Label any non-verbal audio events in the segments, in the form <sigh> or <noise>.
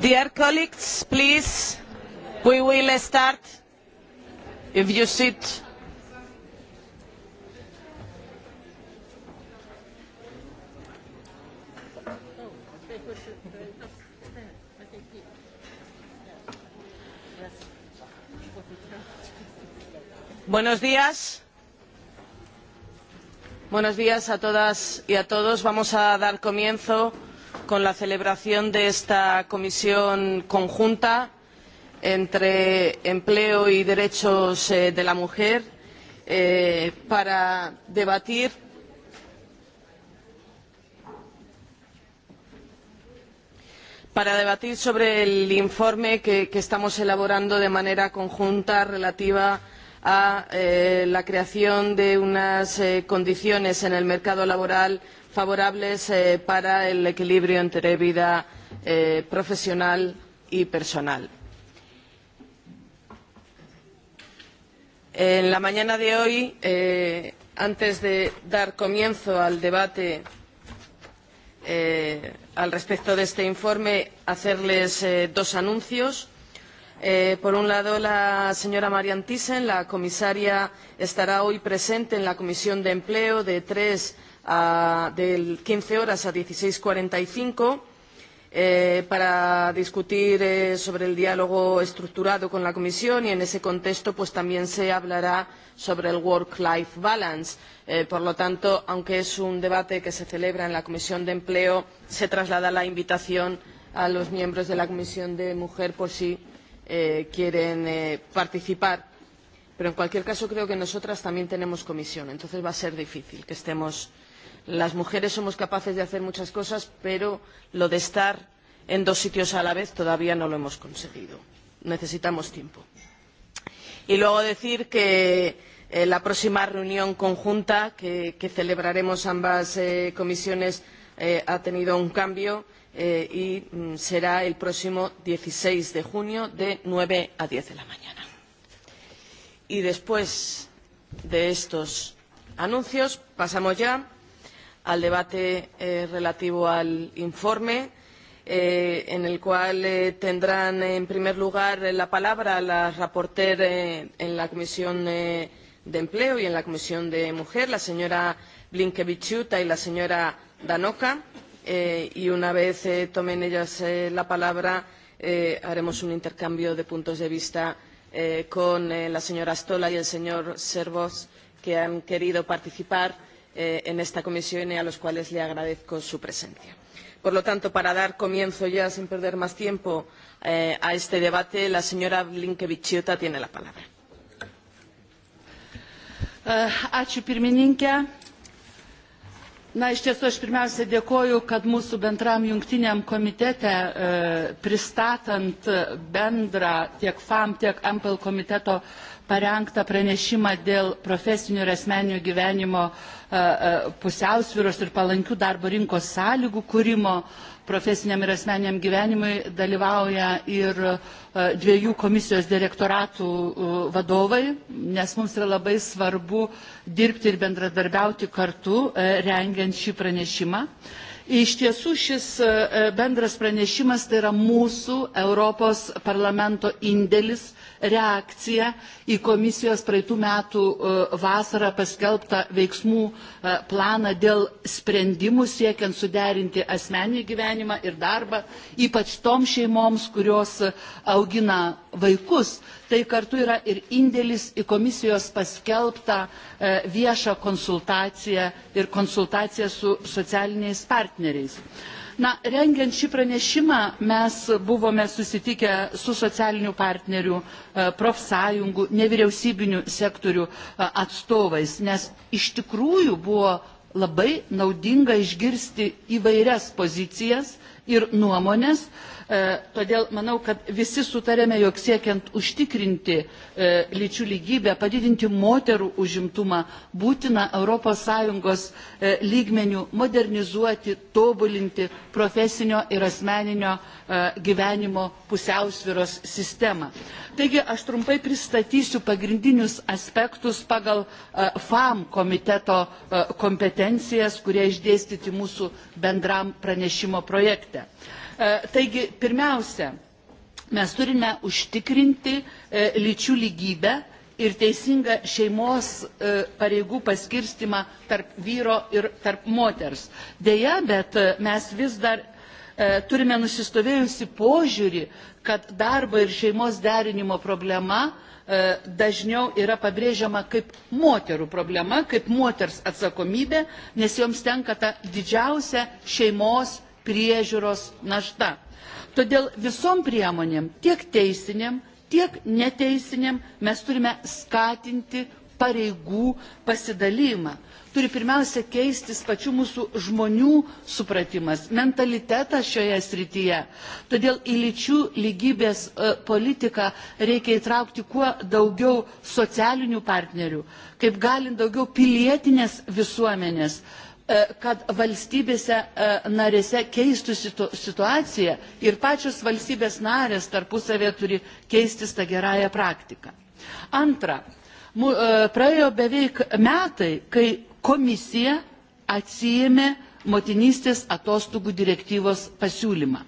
Dear colleagues, please, we will start if you sit. Buenos días. Buenos días a todas y a todos. Vamos a dar comienzo con la celebración de esta comisión conjunta entre empleo y derechos eh, de la mujer eh, para debatir para debatir sobre el informe que, estamos elaborando de manera conjunta relativa a eh, la creación de unas eh, condiciones en el mercado laboral favorables eh, para el equilibrio entre vida profesional y personal. En la mañana de hoy, antes de dar comienzo al debate al respecto de este informe, hacerles dos anuncios Eh, por un lado, la señora Marianne Thyssen, la comisaria, estará hoy presente en la Comisión de Empleo de 3 a de 15 horas a 16.45 eh, para discutir eh, sobre el diálogo estructurado con la Comisión y en ese contexto pues, también se hablará sobre el Work-Life Balance. Eh, por lo tanto, aunque es un debate que se celebra en la Comisión de Empleo, se traslada la invitación a los miembros de la Comisión de Mujer por si eh, quieren eh, participar pero en cualquier caso creo que nosotras también tenemos comisión entonces va a ser difícil que estemos las mujeres somos capaces de hacer muchas cosas pero lo de estar en dos sitios a la vez todavía no lo hemos conseguido necesitamos tiempo y luego decir que eh, la próxima reunión conjunta que celebraremos ambas eh, comisiones ha tenido un cambio eh, y mm, será el próximo 16 de junio de 9 a 10 de la mañana. Y después de estos anuncios pasamos ya al debate eh, relativo al informe eh, en el cual eh, tendrán eh, en primer lugar eh, la palabra la rapporteur eh, en la Comisión de Empleo y en la Comisión de Mujer, la señora Blinkeviciuta y la señora Danoka Eh, y una vez eh, tomen ellas eh, la palabra haremos un intercambio de puntos de vista con la señora Stola y el señor Servos que han querido participar en esta comisión y a los cuales le agradezco su presencia. Por lo tanto, para dar comienzo ya sin perder más tiempo a este debate, la señora Blinkevichiota tiene la palabra. Ačiū na iš tiesų aš pirmiausia dėkoju kad mūsų bendram jungtiniam komitete e, pristatant bendrą tiek fam tiek MPL komiteto parengtą pranešimą dėl profesinių ir asmeninių gyvenimo e, e, pusiausvyros ir palankių darbo rinkos sąlygų kūrimo profesiniam ir asmeniniam gyvenimui dalyvauja ir e, dviejų komisijos direktoratų e, vadovai, nes mums yra labai svarbu dirbti ir bendradarbiauti kartu, e, rengiant šį pranešimą. Iš tiesų šis bendras pranešimas tai yra mūsų Europos parlamento indelis, reakcija į komisijos praeitų metų e, vasarą paskelbtą veiksmų e, planą dėl sprendimų siekiant suderinti asmeninį gyvenimą ir darbą, ypač toms šeimoms, kurios e, augina vaikus. Tai kartu yra ir indėlis į komisijos paskelbtą viešą konsultaciją ir konsultaciją su socialiniais partneriais. Na, rengiant šį pranešimą mes buvome susitikę su socialinių partnerių, e, profsąjungų, nevyriausybinių sektorių e, atstovais, nes iš tikrųjų buvo labai naudinga išgirsti įvairias pozicijas ir nuomonės, E, todėl manau, kad visi sutarėme, jog siekiant užtikrinti e, lyčių lygybę, padidinti moterų užimtumą, būtina ES e, lygmenių modernizuoti, tobulinti profesinio ir asmeninio gyvenimo pusiausvyros sistemą. Taigi aš trumpai pristatysiu pagrindinius aspektus pagal FAM komiteto kompetencijas, kurie išdėstyti mūsų bendram pranešimo projekte. E, taigi, pirmiausia, mes turime užtikrinti e, lyčių lygybę ir teisingą šeimos e, pareigų paskirstymą tarp vyro ir tarp moters. Deja, bet mes vis dar turime nusistovėjusi požiūrį, kad darbo ir šeimos derinimo problema dažniau yra pabrėžiama kaip moterų problema, kaip moters atsakomybė, nes joms tenka ta didžiausia šeimos priežiūros našta. Todėl visom priemonėm, tiek teisiniam, tiek neteisiniam, mes turime skatinti pareigų pasidalymą. Turi pirmiausia keistis pačių mūsų žmonių supratimas, mentalitetas šioje srityje. Todėl į lyčių lygybės e, politiką reikia įtraukti kuo daugiau socialinių partnerių, kaip galint daugiau pilietinės visuomenės, E, kad valstybėse e, narėse keistųsi situacija ir pačios valstybės narės tarpusavėje turi keistis tą gerąją praktiką. Antra, e, praėjo beveik metai, kai komisija atsijėmė motinystės atostogų direktyvos pasiūlymą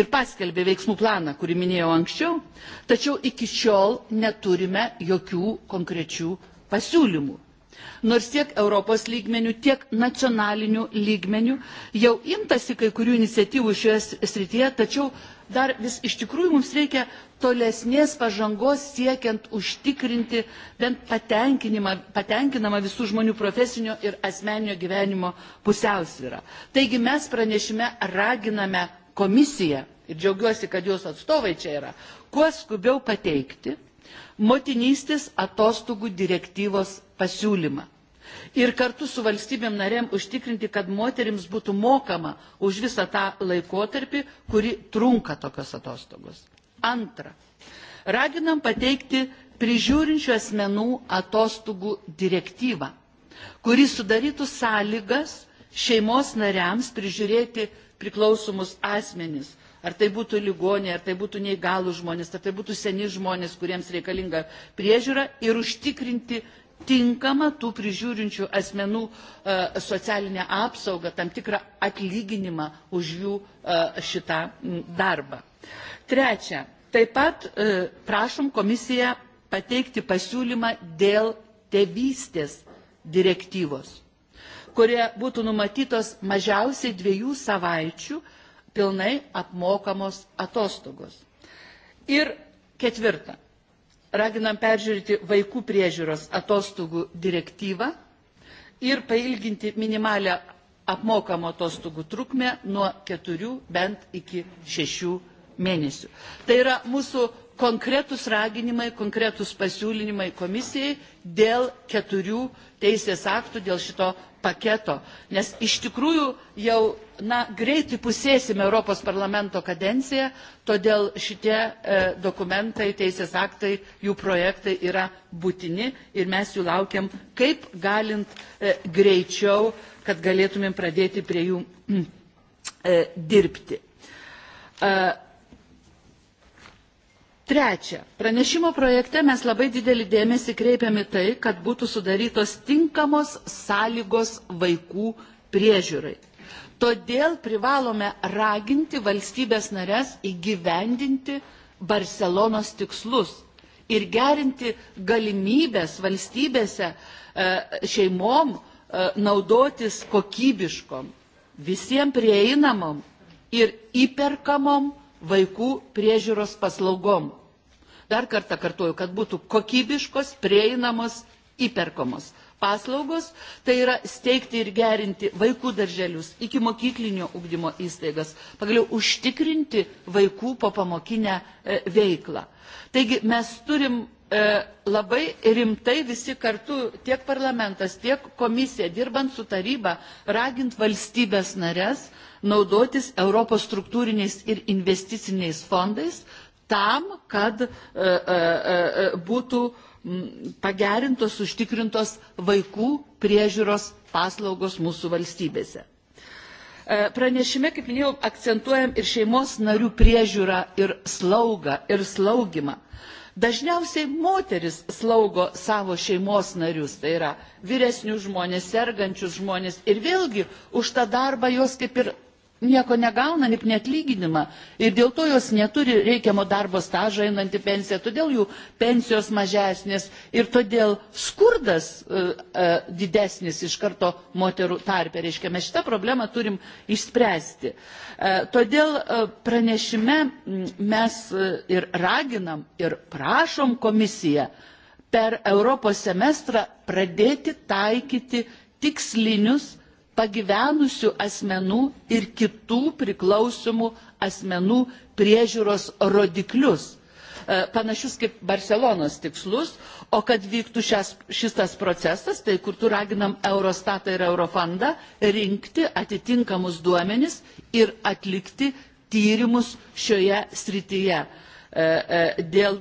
ir paskelbė veiksmų planą, kurį minėjau anksčiau, tačiau iki šiol neturime jokių konkrečių pasiūlymų Nors tiek Europos lygmenių, tiek nacionalinių lygmenių jau imtasi kai kurių iniciatyvų šioje srityje, tačiau dar vis iš tikrųjų mums reikia tolesnės pažangos siekiant užtikrinti bent patenkinamą visų žmonių profesinio ir asmeninio gyvenimo pusiausvyrą. Taigi mes pranešime raginame komisiją ir džiaugiuosi, kad jos atstovai čia yra, kuo skubiau pateikti motinystės atostogų direktyvos pasiūlymą ir kartu su valstybėm narėm užtikrinti, kad moterims būtų mokama už visą tą laikotarpį, kuri trunka tokios atostogos. Antra, raginam pateikti prižiūrinčių asmenų atostogų direktyvą, kuri sudarytų sąlygas šeimos nariams prižiūrėti priklausomus asmenis ar tai būtų lygonė, ar tai būtų neįgalų žmonės, ar tai būtų seni žmonės, kuriems reikalinga priežiūra ir užtikrinti tinkamą tų prižiūrinčių asmenų e, socialinę apsaugą, tam tikrą atlyginimą už jų e, šitą darbą. Trečia, taip pat e, prašom komisiją pateikti pasiūlymą dėl tėvystės direktyvos kurie būtų numatytos mažiausiai dviejų savaičių pilnai apmokamos atostogos. Ir ketvirta. Raginam peržiūrėti vaikų priežiūros atostogų direktyvą ir pailginti minimalią apmokamo atostogų trukmę nuo keturių bent iki šešių mėnesių. Tai yra mūsų konkretus raginimai, konkretus pasiūlinimai komisijai dėl keturių teisės aktų, dėl šito paketo. Nes iš tikrųjų jau na, greitai pusėsime Europos parlamento kadenciją, todėl šitie e, dokumentai, teisės aktai, jų projektai yra būtini ir mes jų laukiam kaip galint e, greičiau, kad galėtumėm pradėti prie jų mm, e, dirbti. Trečia, pranešimo projekte mes labai didelį dėmesį kreipiame tai, kad būtų sudarytos tinkamos sąlygos vaikų priežiūrai. Todėl privalome raginti valstybės narias įgyvendinti Barcelonos tikslus ir gerinti galimybės valstybėse e, šeimom e, naudotis kokybiškom, visiems prieinamom ir įperkamom vaikų priežiūros paslaugom dar kartą kartoju kad būtų kokybiškos prieinamos įperkamos paslaugos tai yra steigti ir gerinti vaikų darželius mokyklinio ugdymo įstaigas pagaliau užtikrinti vaikų popamokinę e, veiklą. taigi mes turim e, labai rimtai visi kartu tiek parlamentas tiek komisija dirbant su taryba ragint valstybės nares naudotis europos struktūriniais ir investiciniais fondais tam kad e, e, e, būtų pagerintos, užtikrintos vaikų priežiūros paslaugos mūsų valstybėse. Pranešime, kaip minėjau, akcentuojam ir šeimos narių priežiūrą ir slaugą ir slaugimą. Dažniausiai moteris slaugo savo šeimos narius, tai yra vyresnių žmonės, sergančius žmonės ir vėlgi už tą darbą jos kaip ir nieko negauna, net neatlyginimą. Ir dėl to jos neturi reikiamo darbo stažą einant pensiją, todėl jų pensijos mažesnės ir todėl skurdas e, e, didesnis iš karto moterų tarpe. Reiškia, mes šitą problemą turim išspręsti. E, todėl pranešime mes ir raginam ir prašom komisiją per Europos semestrą pradėti taikyti tikslinius pagyvenusių asmenų ir kitų priklausomų asmenų priežiūros rodiklius e, panašius kaip Barcelonos tikslus, o kad vyktų šias, šitas procesas, tai kur tu raginam Eurostatą ir Eurofondą rinkti atitinkamus duomenis ir atlikti tyrimus šioje srityje. E, e, dėl,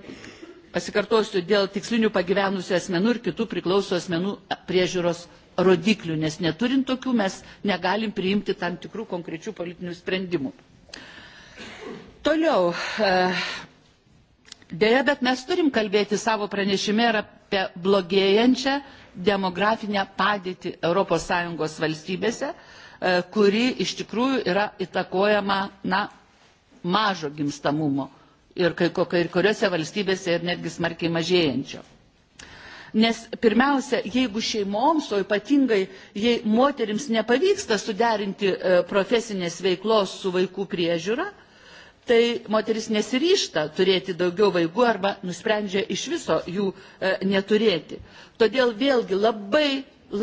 pasikartosiu, dėl tikslinių pagyvenusių asmenų ir kitų priklauso asmenų priežiūros rodiklių, nes neturint tokių mes negalim priimti tam tikrų konkrečių politinių sprendimų. Toliau, e, dėja, bet mes turim kalbėti savo pranešime ir apie blogėjančią demografinę padėtį ES valstybėse, e, kuri iš tikrųjų yra įtakojama na, mažo gimstamumo ir kai, kai kuriuose valstybėse ir netgi smarkiai mažėjančio nes pirmiausia jeigu šeimoms o ypatingai jei moterims nepavyksta suderinti e, profesinės veiklos su vaikų priežiūra tai moteris nesiryšta turėti daugiau vaikų arba nusprendžia iš viso jų e, neturėti todėl vėlgi labai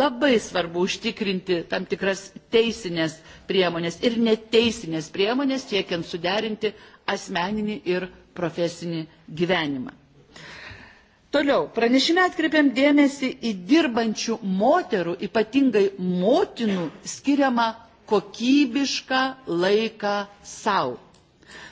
labai svarbu užtikrinti tam tikras teisinės priemonės ir neteisinės priemonės siekiant suderinti asmeninį ir profesinį gyvenimą. Toliau, pranešime atkreipiam dėmesį į dirbančių moterų, ypatingai motinų, skiriamą kokybišką laiką savo.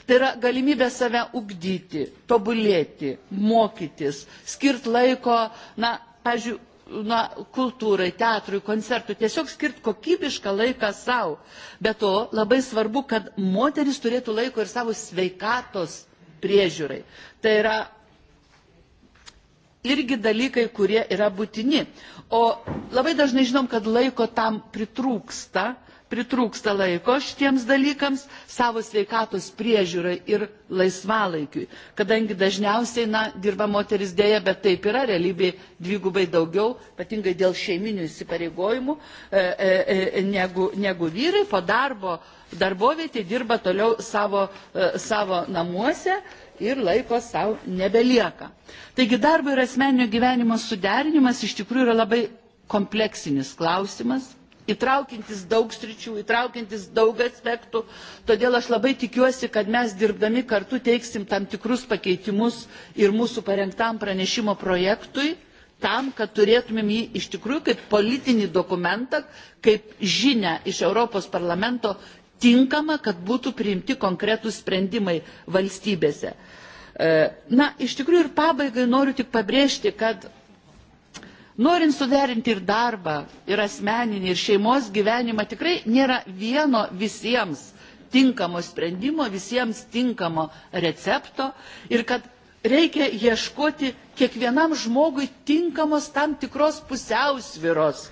Tai yra galimybė save ugdyti, tobulėti, mokytis, skirt laiko, na, pažiūrėjau, na, kultūrai, teatrui, koncertui, tiesiog skirt kokybišką laiką savo. Be to, labai svarbu, kad moteris turėtų laiko ir savo sveikatos priežiūrai. Tai yra irgi dalykai, kurie yra būtini. O labai dažnai žinom, kad laiko tam pritrūksta, pritrūksta laiko šitiems dalykams savo sveikatos priežiūrai ir laisvalaikiui kadangi dažniausiai na dirba moteris dėja, bet taip yra realybėje dvigubai daugiau ypatingai dėl šeiminių įsipareigojimų e, e, e, negu, negu vyrai po darbo darbovietė dirba toliau savo, savo namuose ir laiko savo nebelieka. Taigi darbo ir asmeninio gyvenimo suderinimas iš tikrųjų yra labai kompleksinis klausimas, įtraukiantis daug sričių, įtraukiantis daug aspektų. Todėl aš labai tikiuosi, kad mes dirbdami kartu teiksim tam tikrus pakeitimus ir mūsų parengtam pranešimo projektui, tam, kad turėtumėm jį iš tikrųjų kaip politinį dokumentą, kaip žinę iš Europos parlamento tinkama, kad būtų priimti konkretų sprendimai valstybėse. E, na, iš tikrųjų ir pabaigai noriu tik pabrėžti, kad norint suderinti ir darbą, ir asmeninį, ir šeimos gyvenimą, tikrai nėra vieno visiems tinkamo sprendimo, visiems tinkamo recepto ir kad reikia ieškoti kiekvienam žmogui tinkamos tam tikros pusiausviros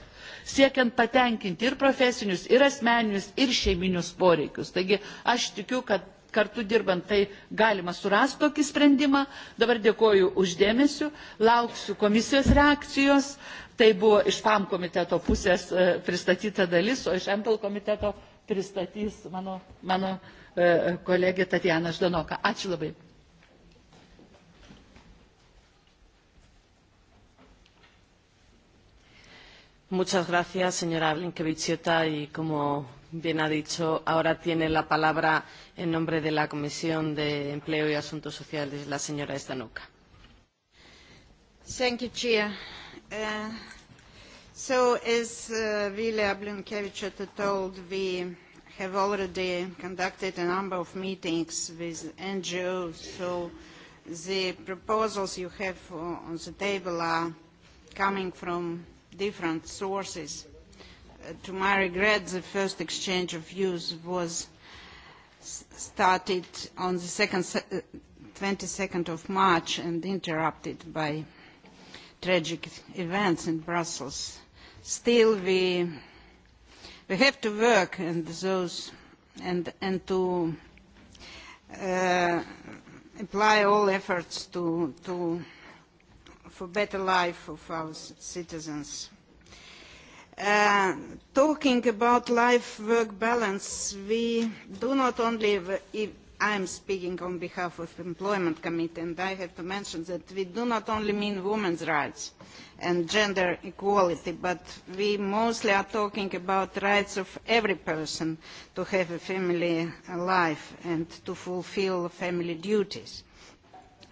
siekiant patenkinti ir profesinius, ir asmeninius, ir šeiminius poreikius. Taigi aš tikiu, kad kartu dirbant tai galima surasti tokį sprendimą. Dabar dėkoju dėmesį, lauksiu komisijos reakcijos. Tai buvo iš pam komiteto pusės e, pristatyta dalis, o iš MPL komiteto pristatys mano, mano e, kolegė Tatjana Ždanoka. Ačiū labai. Muchas gracias, señora Blinkevichiota. Y como bien ha dicho, ahora tiene la palabra en nombre de la Comisión de Empleo y Asuntos Sociales la señora Estanuca. Thank you, Chia. Uh, so, as uh, Vilja Blinkevichiota told, we have already conducted a number of meetings with NGOs. So, the proposals you have on the table are coming from different sources. Uh, to my regret, the first exchange of views was started on the second, 22nd uh, of March and interrupted by tragic events in Brussels. Still, we, we have to work and those and, and to uh, apply all efforts to, to for better life of our citizens. Uh, talking about life work balance we do not only i am speaking on behalf of the employment committee and i have to mention that we do not only mean women's rights and gender equality but we mostly are talking about the rights of every person to have a family life and to fulfil family duties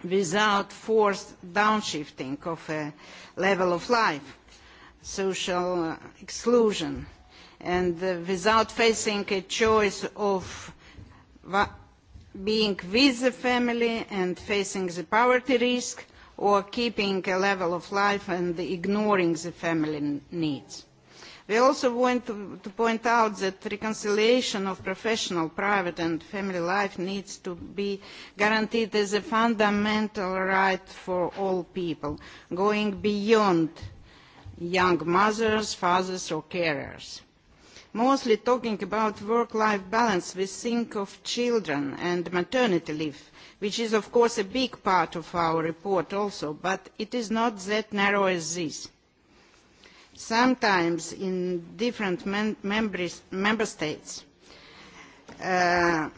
without forced downshifting of a level of life, social uh, exclusion, and uh, without facing a choice of being with the family and facing the poverty risk or keeping a level of life and ignoring the family needs we also want to, point out that reconciliation of professional private and family life needs to be guaranteed as a fundamental right for all people going beyond young mothers fathers or carers mostly talking about work life balance we think of children and maternity leave which is of course a big part of our report also but it is not that narrow as this sometimes in different member states. Uh,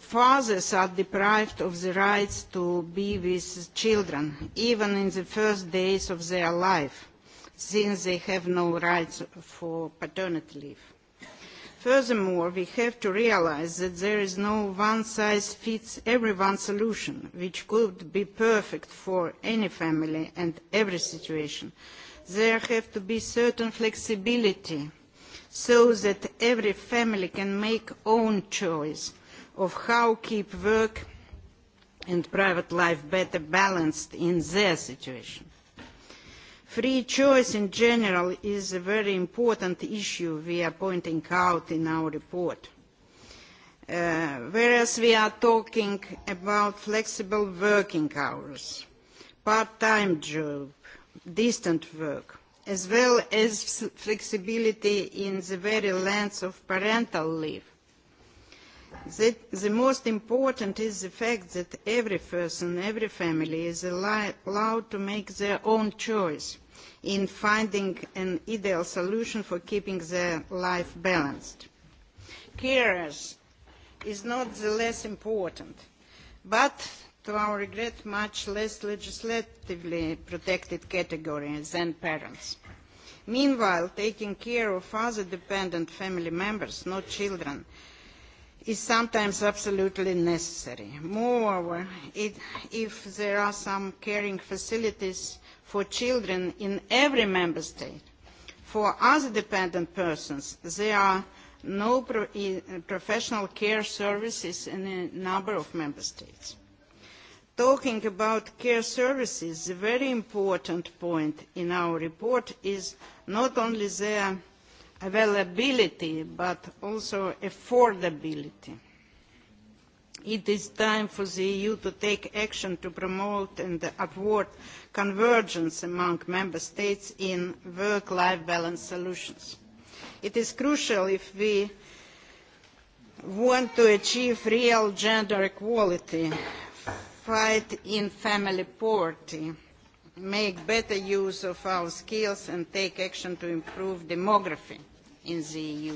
fathers are deprived of the rights to be with children, even in the first days of their life, since they have no rights for paternity leave. Furthermore, we have to realise that there is no one-size-fits-everyone solution, which could be perfect for any family and every situation there have to be certain flexibility so that every family can make own choice of how to keep work and private life better balanced in their situation. Free choice in general is a very important issue we are pointing out in our report. Uh, whereas we are talking about flexible working hours, part-time jobs, distant work, as well as flexibility in the very length of parental leave. The, the most important is the fact that every person, every family is allowed to make their own choice in finding an ideal solution for keeping their life balanced. Carers is not the less important, but to our regret, much less legislatively protected category than parents. Meanwhile, taking care of other dependent family members, not children, is sometimes absolutely necessary. Moreover, if there are some caring facilities for children in every member state, for other dependent persons, there are no professional care services in a number of member states talking about care services a very important point in our report is not only their availability but also affordability. it is time for the eu to take action to promote and upward convergence among member states in work life balance solutions. it is crucial if we want to achieve real gender equality fight in family poverty, make better use of our skills and take action to improve demography in the EU.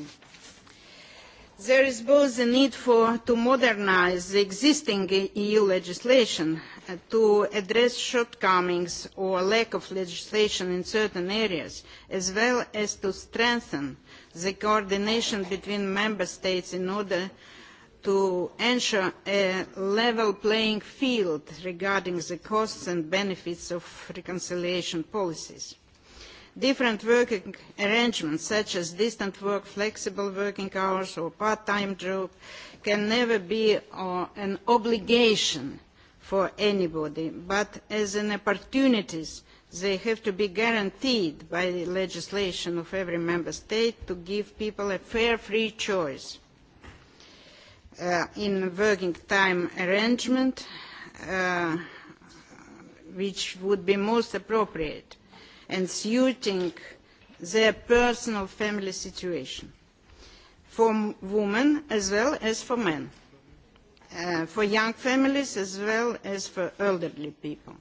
There is both a need for, to modernise the existing EU legislation uh, to address shortcomings or lack of legislation in certain areas, as well as to strengthen the coordination between member states in order to ensure a level playing field regarding the costs and benefits of reconciliation policies. Different working arrangements such as distant work, flexible working hours or part-time job can never be uh, an obligation for anybody, but as an opportunities they have to be guaranteed by the legislation of every member state to give people a fair free choice Uh, in working time arrangement uh, which would be most appropriate and suiting their personal family situation for women as well as for men, uh, for young families as well as for elderly people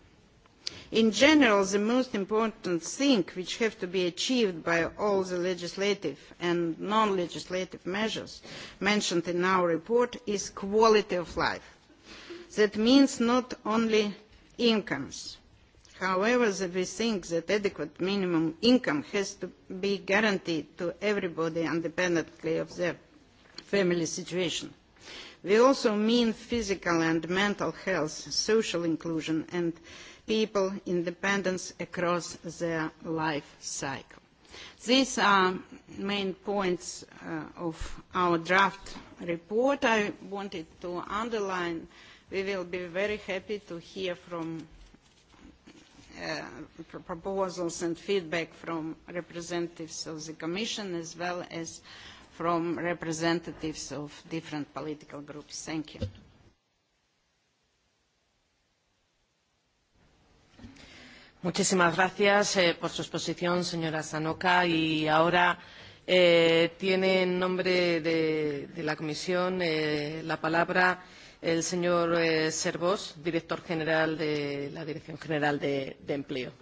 in general the most important thing which has to be achieved by all the legislative and non legislative measures mentioned in our report is quality of life. that means not only incomes. however we think that adequate minimum income has to be guaranteed to everybody independently of their family situation. we also mean physical and mental health social inclusion and people independence across their life cycle. These are main points uh, of our draft report. I wanted to underline we will be very happy to hear from uh, proposals and feedback from representatives of the Commission as well as from representatives of different political groups. Thank you. Muchísimas gracias eh, por su exposición, señora Sanoca. Y ahora eh, tiene en nombre de, de la Comisión eh, la palabra el señor eh, Servos, director general de la Dirección General de, de Empleo.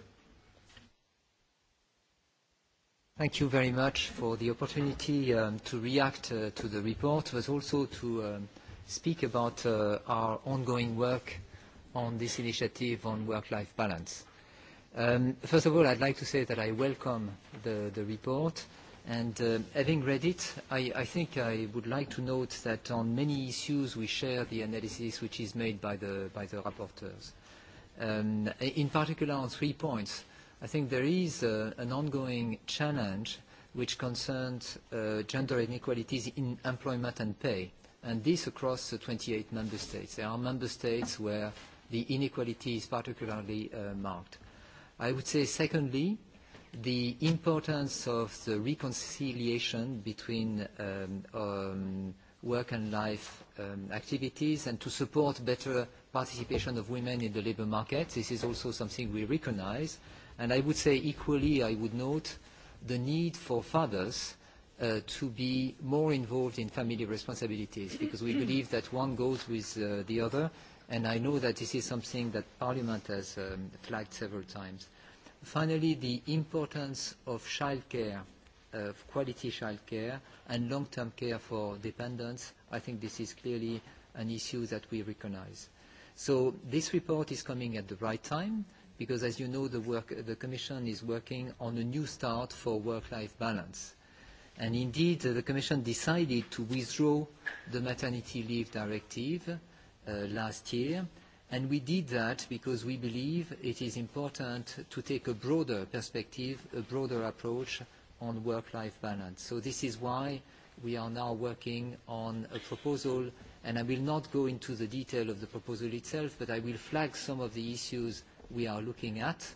Thank you very much for the opportunity um, to react uh, to the report, but also to um, speak about uh, our ongoing work on this initiative on work-life balance. Um, first of all, I'd like to say that I welcome the, the report. And um, having read it, I, I think I would like to note that on many issues we share the analysis which is made by the, by the rapporteurs. Um, in particular on three points, I think there is uh, an ongoing challenge which concerns uh, gender inequalities in employment and pay, and this across the 28 member states. There are member states where the inequality is particularly uh, marked. I would say, secondly, the importance of the reconciliation between um, um work and life um, activities and to support better participation of women in the labour market. This is also something we recognise. And I would say equally, I would note the need for fathers uh, to be more involved in family responsibilities because we believe that one goes with uh, the other and I know that this is something that Parliament has um, flagged several times. Finally, the importance of childcare, of quality childcare and long-term care for dependents, I think this is clearly an issue that we recognize. So this report is coming at the right time because, as you know, the, work, the Commission is working on a new start for work-life balance. And indeed, the Commission decided to withdraw the maternity leave directive Uh, last year. And we did that because we believe it is important to take a broader perspective, a broader approach on work-life balance. So this is why we are now working on a proposal, and I will not go into the detail of the proposal itself, but I will flag some of the issues we are looking at.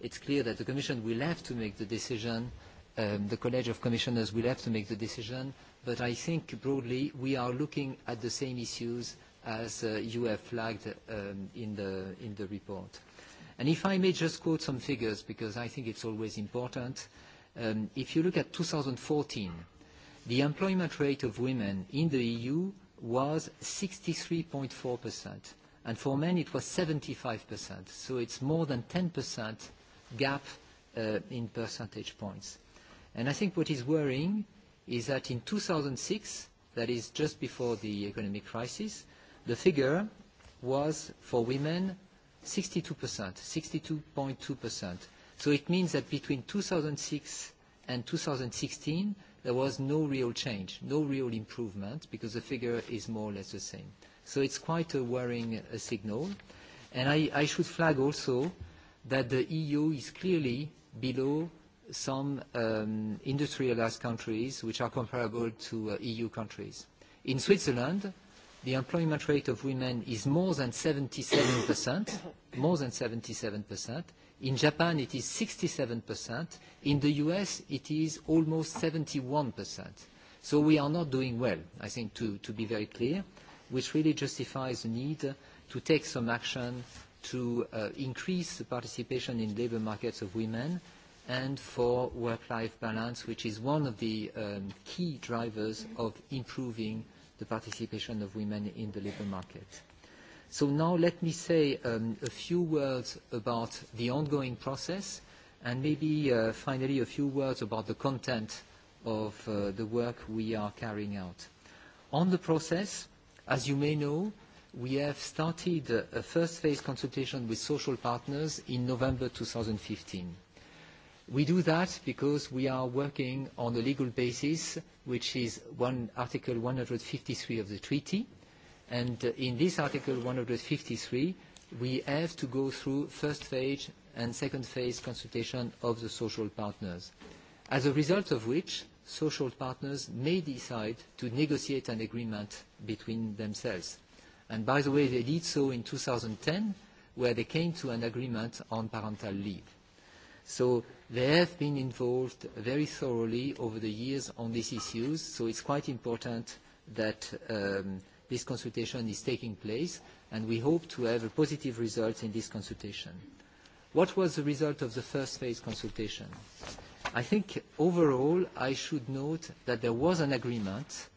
It's clear that the Commission will have to make the decision, um, the College of Commissioners will have to make the decision, but I think broadly we are looking at the same issues as uh, you have flagged um, in, the, in the report. And if I may just quote some figures, because I think it's always important. Um, if you look at 2014, the employment rate of women in the EU was 63.4%, and for men it was 75%. So it's more than 10% gap uh, in percentage points. And I think what is worrying is that in 2006, that is just before the economic crisis, the figure was for women 62%, 62.2%. So it means that between 2006 and 2016, there was no real change, no real improvement, because the figure is more or less the same. So it's quite a worrying uh, signal. And I, I should flag also that the EU is clearly below some um, industrialized countries which are comparable to uh, EU countries. In Switzerland, the employment rate of women is more than 77%, more than 77%. In Japan, it is 67%. In the U.S., it is almost 71%. So we are not doing well, I think, to, to be very clear, which really justifies the need to take some action to uh, increase the participation in labor markets of women and for work-life balance, which is one of the um, key drivers of improving the participation of women in the labour market. So now let me say um, a few words about the ongoing process and maybe uh, finally a few words about the content of uh, the work we are carrying out. On the process, as you may know, we have started uh, a first phase consultation with social partners in November 2015. We do that because we are working on a legal basis, which is one, Article 153 of the treaty. And uh, in this Article 153, we have to go through first phase and second phase consultation of the social partners. As a result of which, social partners may decide to negotiate an agreement between themselves. And by the way, they did so in 2010, where they came to an agreement on parental leave. So they have been involved very thoroughly over the years on these issues, so it's quite important that um, this consultation is taking place, and we hope to have a positive result in this consultation. What was the result of the first phase consultation? I think overall I should note that there was an agreement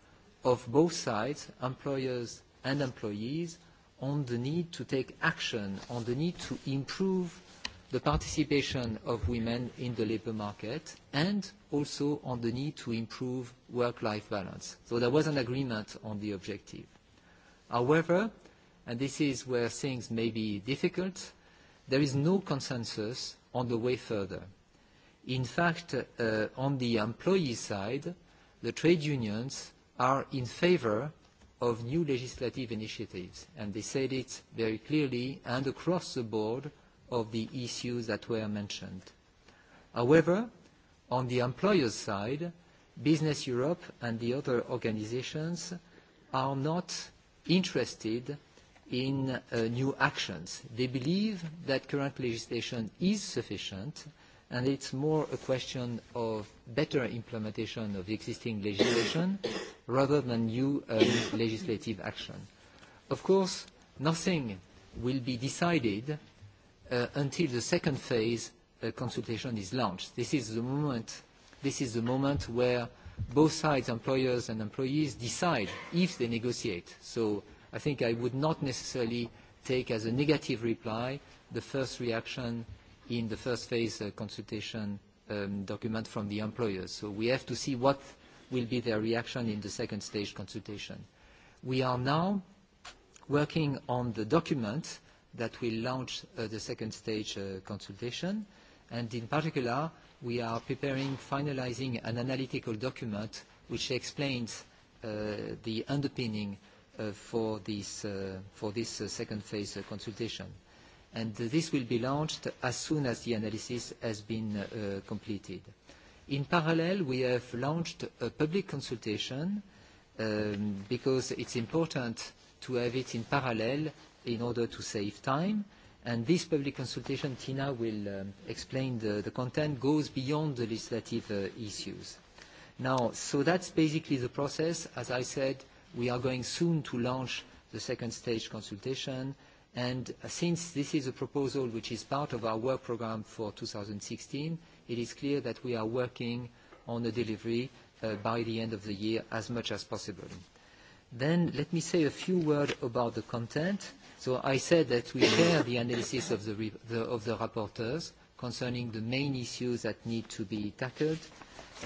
of both sides, employers and employees, on the need to take action, on the need to improve the participation of women in the labour market and also on the need to improve work-life balance. So there was an agreement on the objective. However, and this is where things may be difficult, there is no consensus on the way further. In fact, uh, on the employee side, the trade unions are in favour of new legislative initiatives, and they said it very clearly and across the board of the issues that were mentioned. However, on the employer's side, Business Europe and the other organizations are not interested in uh, new actions. They believe that current legislation is sufficient, and it's more a question of better implementation of existing legislation <coughs> rather than new uh, legislative action. Of course, nothing will be decided Uh, until the second phase uh, consultation is launched. This is the moment this is the moment where both sides, employers and employees, decide if they negotiate. So I think I would not necessarily take as a negative reply the first reaction in the first phase uh, consultation um, document from the employers. So we have to see what will be their reaction in the second stage consultation. We are now working on the document that will launch uh, the second stage uh, consultation. And in particular, we are preparing, finalizing an analytical document which explains uh, the underpinning for this, for this second phase consultation. And this will be launched as soon as the analysis has been completed. In parallel, we have launched a public consultation um, because it's important to have it in parallel in order to save time. And this public consultation, Tina will um, explain the, the content, goes beyond the legislative uh, issues. Now, so that's basically the process. As I said, we are going soon to launch the second stage consultation. And uh, since this is a proposal which is part of our work program for 2016, it is clear that we are working on the delivery uh, by the end of the year as much as possible. Then let me say a few words about the content. So I said that we share the analysis of the, of the rapporteurs concerning the main issues that need to be tackled.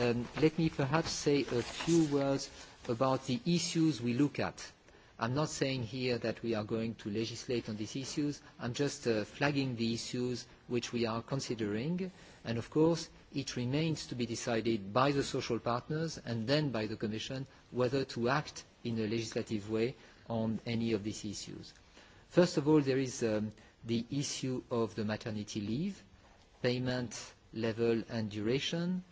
Um, let me perhaps say a few words about the issues we look at. I'm not saying here that we are going to legislate on these issues. I'm just uh, flagging the issues which we are considering. And of course, it remains to be decided by the social partners and then by the Commission whether to act in a legislative way on any of these issues. First of all, there is um, the issue of the maternity leave, payment level and duration,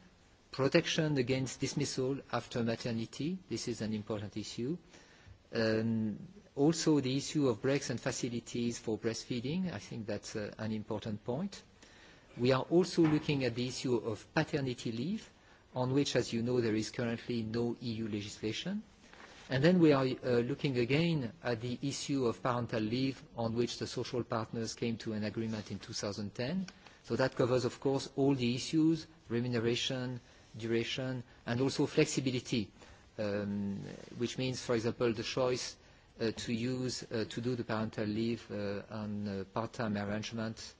protection against dismissal after maternity. This is an important issue. Um, also the issue of breaks and facilities for breastfeeding. I think that's uh, an important point. We are also looking at the issue of paternity leave, on which, as you know, there is currently no EU legislation. And then we are uh, looking again at the issue of parental leave on which the social partners came to an agreement in 2010. So that covers, of course, all the issues, remuneration, duration, and also flexibility, um, which means, for example, the choice uh, to use, uh, to do the parental leave on part-time arrangements,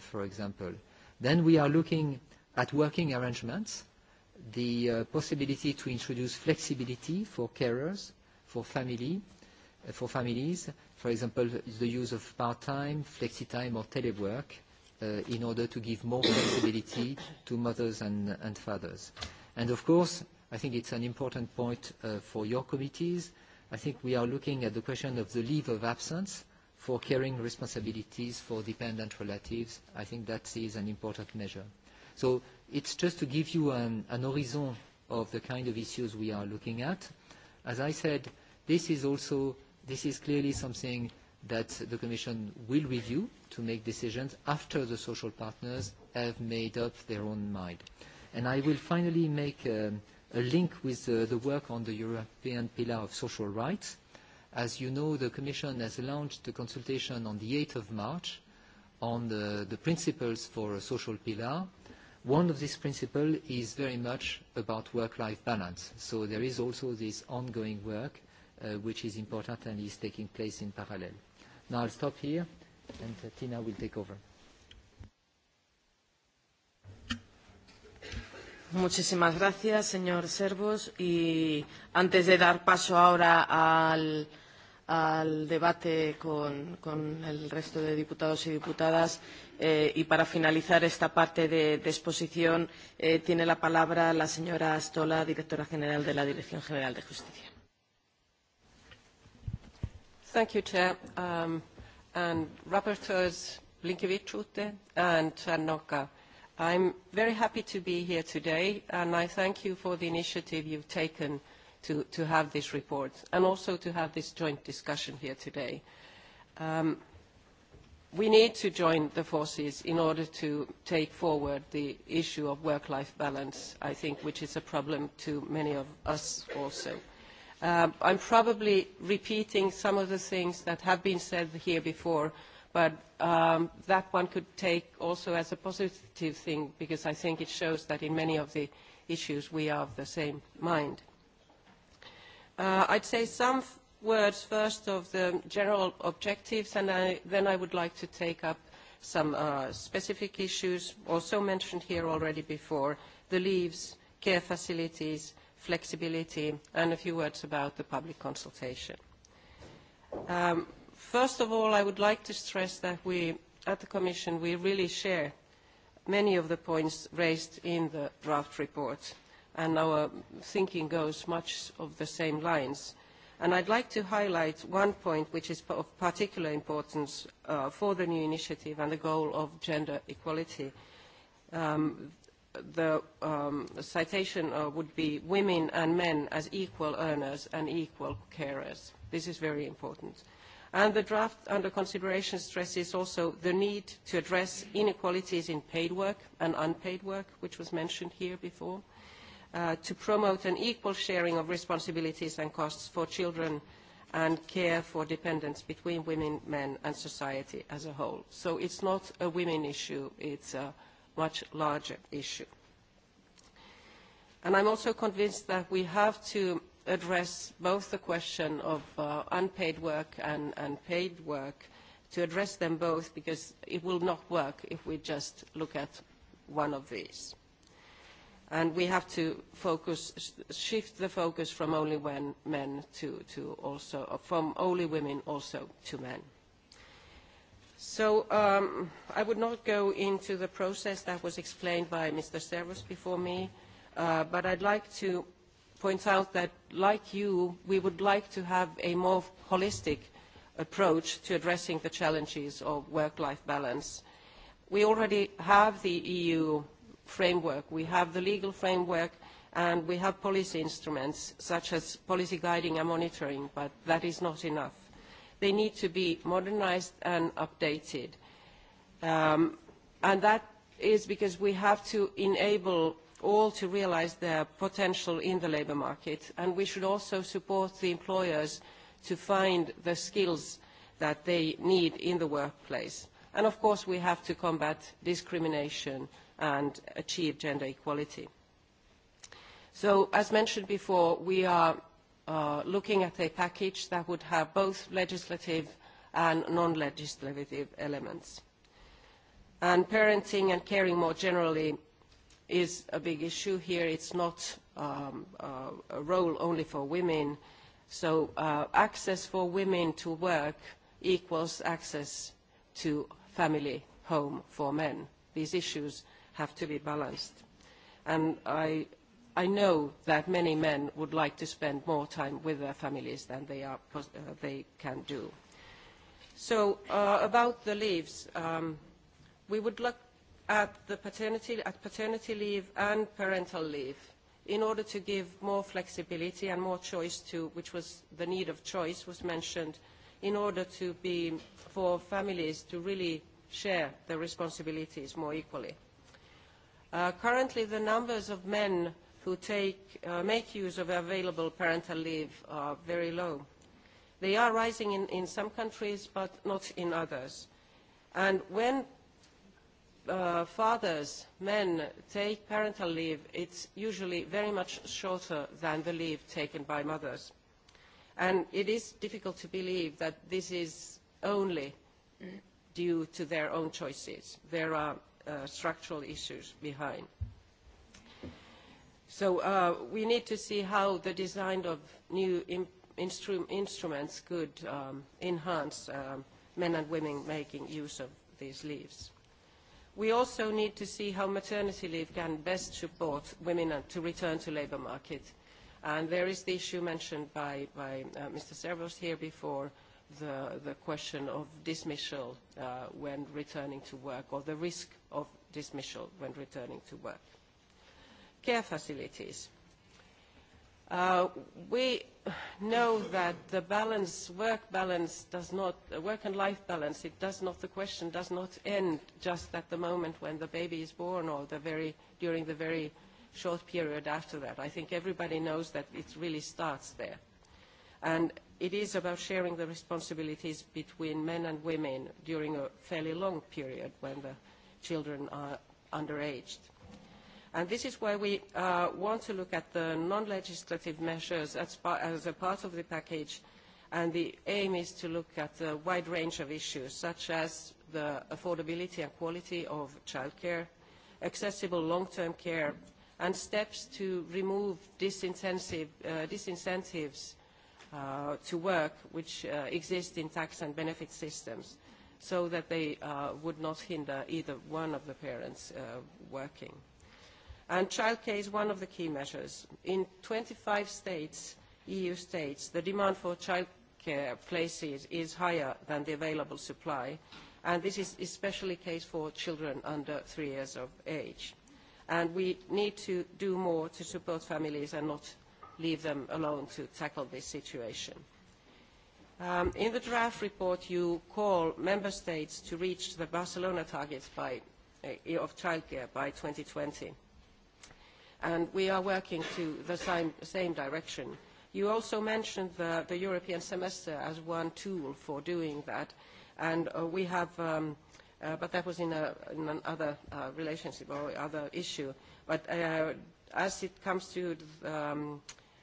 for example. Then we are looking at working arrangements, the uh, possibility to introduce flexibility for carers, for family, uh, for families, for example, the use of part-time, flexi-time or telework uh, in order to give more <coughs> flexibility to mothers and, and fathers. And of course, I think it's an important point for your committees. I think we are looking at the question of the leave of absence for caring responsibilities for dependent relatives. I think that is an important measure. So It's just to give you an, horizon of the kind of issues we are looking at. As I said, this is also, this is clearly something that the Commission will review to make decisions after the social partners have made up their own mind. And I will finally make um, a link with the work on the European Pillar of Social Rights. As you know, the Commission has launched a consultation on the 8th of March on the, the principles for a social pillar. One of these principles is very much about work-life balance. So there is also this ongoing work uh, which is important and is taking place in parallel. Now I'll stop here and uh, Tina will take over. Muchísimas gracias, señor Servos. Y antes de dar paso ahora al al debate con, con el resto de diputados y diputadas. Eh, y para finalizar esta parte de, de exposición, eh, tiene la palabra la señora Astola, directora general de la Dirección General de Justicia. Thank you, Chair. Um, and Rapporteurs Blinkevichute and I'm very happy to be here today, and I thank you for the initiative you've taken – to, to have this report and also to have this joint discussion here today. Um, we need to join the forces in order to take forward the issue of work-life balance, I think, which is a problem to many of us also. Um, I'm probably repeating some of the things that have been said here before, but um, that one could take also as a positive thing because I think it shows that in many of the issues we are of the same mind. I uh, I'd say some words first of the general objectives, and then I would like to take up some uh, specific issues also mentioned here already before, the leaves, care facilities, flexibility, and a few words about the public consultation. Um, first of all, I would like to stress that we, at the Commission, we really share many of the points raised in the draft report and our thinking goes much of the same lines. And I'd like to highlight one point which is of particular importance uh, for the new initiative and the goal of gender equality. Um, the um, citation uh, would be women and men as equal earners and equal carers. This is very important. And the draft under consideration stresses also the need to address inequalities in paid work and unpaid work, which was mentioned here before Uh, to promote an equal sharing of responsibilities and costs for children and care for dependents between women, men and society as a whole. So it's not a women issue, it's a much larger issue. And I'm also convinced that we have to address both the question of uh, unpaid work and, and paid work, to address them both because it will not work if we just look at one of these and we have to focus, shift the focus from only men to, to also, from only women also to men. So um, I would not go into the process that was explained by Mr. Servus before me, uh, but I'd like to point out that, like you, we would like to have a more holistic approach to addressing the challenges of work-life balance. We already have the EU framework. We have the legal framework and we have policy instruments such as policy guiding and monitoring, but that is not enough. They need to be modernized and updated. Um, and that is because we have to enable all to realize their potential in the labor market. And we should also support the employers to find the skills that they need in the workplace. And of course, we have to combat discrimination and achieve gender equality. So, as mentioned before, we are uh, looking at a package that would have both legislative and non-legislative elements. And parenting and caring more generally is a big issue here. It's not um, uh, a role only for women. So uh, access for women to work equals access to family home for men. These issues have to be balanced. And I, I know that many men would like to spend more time with their families than they, are, uh, they can do. So uh, about the leaves, um, we would look at, the paternity, at paternity leave and parental leave in order to give more flexibility and more choice to, which was the need of choice was mentioned, in order to be, for families to really share their responsibilities more equally. Uh, currently, the numbers of men who take, uh, make use of available parental leave are very low. They are rising in, in some countries, but not in others. And when uh, fathers, men, take parental leave, it's usually very much shorter than the leave taken by mothers. And it is difficult to believe that this is only due to their own choices. There are Uh, structural issues behind. So uh, we need to see how the design of new in instru instruments could um, enhance um, men and women making use of these leaves. We also need to see how maternity leave can best support women to return to labour market. And there is the issue mentioned by, by uh, Mr. Servos here before, the, the question of dismissal uh, when returning to work or the risk of dismissal when returning to work. Care facilities. Uh, we know that the balance, work balance does not, uh, work and life balance, it does not, the question does not end just at the moment when the baby is born or the very, during the very short period after that. I think everybody knows that it really starts there. And it is about sharing the responsibilities between men and women during a fairly long period when the children are underage. And this is why we uh, want to look at the non-legislative measures as, pa, as a part of the package, and the aim is to look at a wide range of issues, such as the affordability and quality of childcare, accessible long-term care, and steps to remove disincentive, uh, disincentives uh, to work which uh, exist in tax and benefit systems so that they uh, would not hinder either one of the parents uh, working. And childcare is one of the key measures. In 25 states, EU states, the demand for childcare places is higher than the available supply, and this is especially the case for children under three years of age. And we need to do more to support families and not leave them alone to tackle this situation. Um, in the draft report you call member states to reach the barcelona targets by, uh, of childcare by 2020 and we are working to the same, same direction. you also mentioned the, the european semester as one tool for doing that and uh, we have um, uh, but that was in, a, in another uh, relationship or other issue but uh, as it comes to the, um,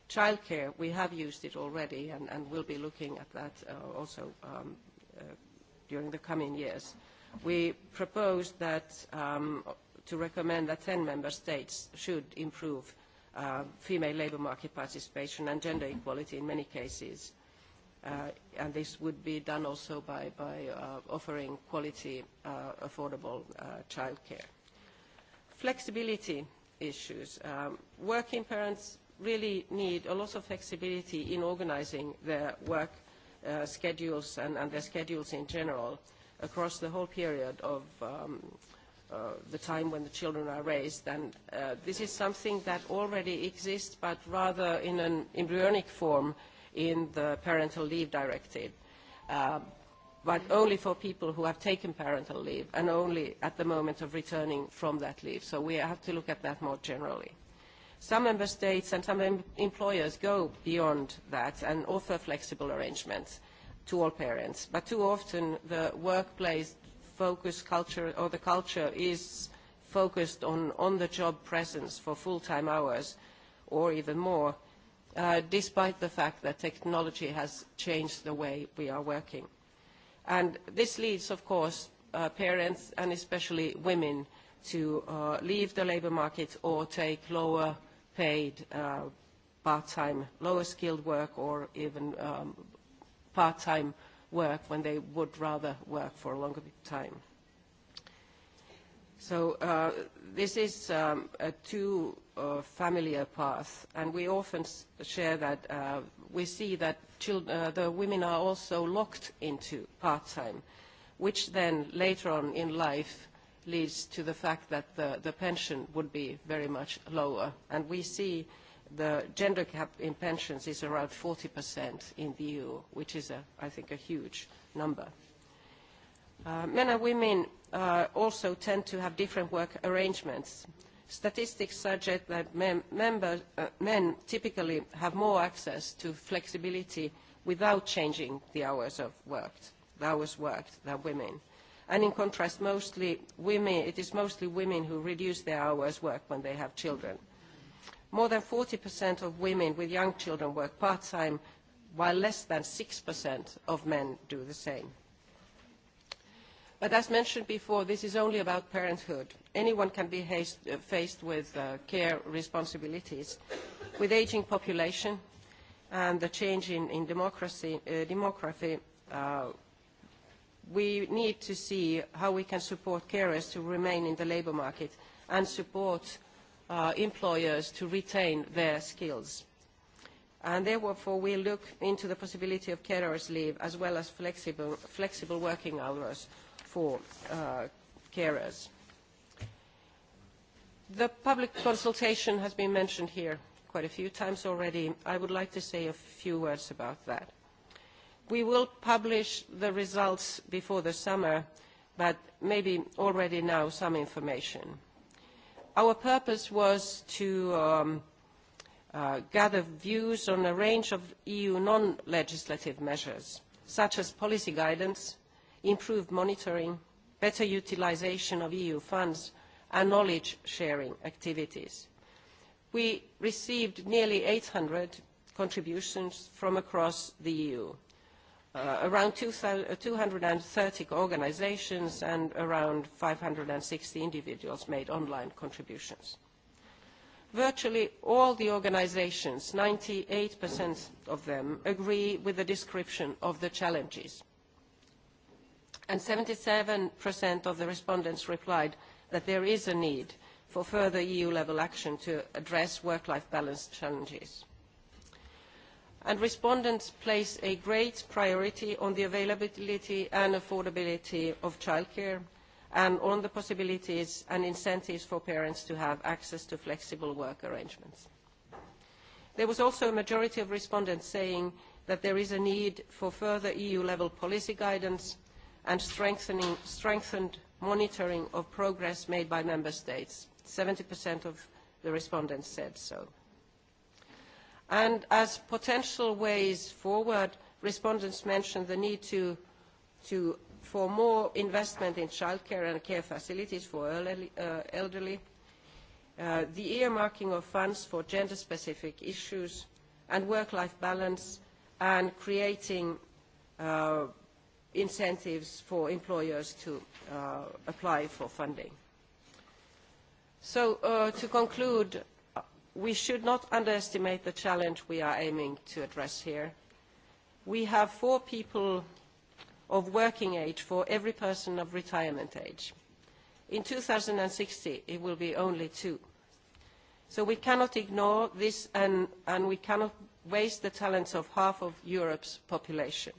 Childcare, we have used it already and, and will be looking at that uh, also um, uh, during the coming years. We propose that um, to recommend that 10 member states should improve uh, female labor market participation and gender equality in many cases. and this would be done also by, by offering quality, uh, affordable childcare. Flexibility issues. Um, working parents really need a lot of flexibility in organizing their work uh, schedules and, and their schedules in general across the whole period of um, uh, the time when the children are raised. And uh, this is something that already exists, but rather in an embryonic form in the Parental Leave Directive, uh, but only for people who have taken parental leave and only at the moment of returning from that leave. So we have to look at that more generally. Some member states and some employers go beyond that and offer flexible arrangements to all parents. But too often the workplace focus culture or the culture is focused on on the job presence for full time hours or even more, uh, despite the fact that technology has changed the way we are working. And this leads of course uh, parents and especially women to uh, leave the labour market or take lower paid uh, part-time lower skilled work or even um, part-time work when they would rather work for a longer time. So uh, this is um, a too uh, familiar path, and we often share that we see that the women are also locked into part-time, which then later on in life leads to the fact that the, pension would be very much lower. And we see the gender gap in pensions is around 40% in the EU, which is, a, I think, a huge number. Uh, men and women uh, also tend to have different work arrangements. Statistics suggest that uh, men typically have more access to flexibility without changing the hours of work the hours worked than women and in contrast mostly women it is mostly women who reduce their hours work when they have children. more than 40% of women with young children work part time while less than 6% of men do the same. But as mentioned before, this is only about parenthood. Anyone can be uh, faced with uh, care responsibilities. With aging population and the change in, democracy, uh, demography, we need to see how we can support carers to remain in the labour market and support uh, employers to retain their skills. And therefore, we look into the possibility of carers' leave as well as flexible, flexible working hours for uh, carers. The public consultation has been mentioned here quite a few times already. I would like to say a few words about that we will publish the results before the summer but maybe already now some information our purpose was to um, uh, gather views on a range of eu non legislative measures such as policy guidance improved monitoring better utilisation of eu funds and knowledge sharing activities we received nearly 800 contributions from across the eu Uh, around 230 uh, organizations and around 560 individuals made online contributions. Virtually all the organizations, 98% of them, agree with the description of the challenges. And 77% of the respondents replied that there is a need for further EU-level action to address work-life balance challenges and respondents place a great priority on the availability and affordability of childcare and on the possibilities and incentives for parents to have access to flexible work arrangements. There was also a majority of respondents saying that there is a need for further EU-level policy guidance and strengthened monitoring of progress made by member states. 70% of the respondents said so. And as potential ways forward, respondents mentioned the need to, to, for more investment in childcare and care facilities for elderly, uh, uh, the earmarking of funds for gender-specific issues and work-life balance, and creating uh, incentives for employers to apply for funding. So to conclude, we should not underestimate the challenge we are aiming to address here. We have four people of working age for every person of retirement age. In 2060, it will be only two. So we cannot ignore this and, and we cannot waste the talents of half of Europe's population.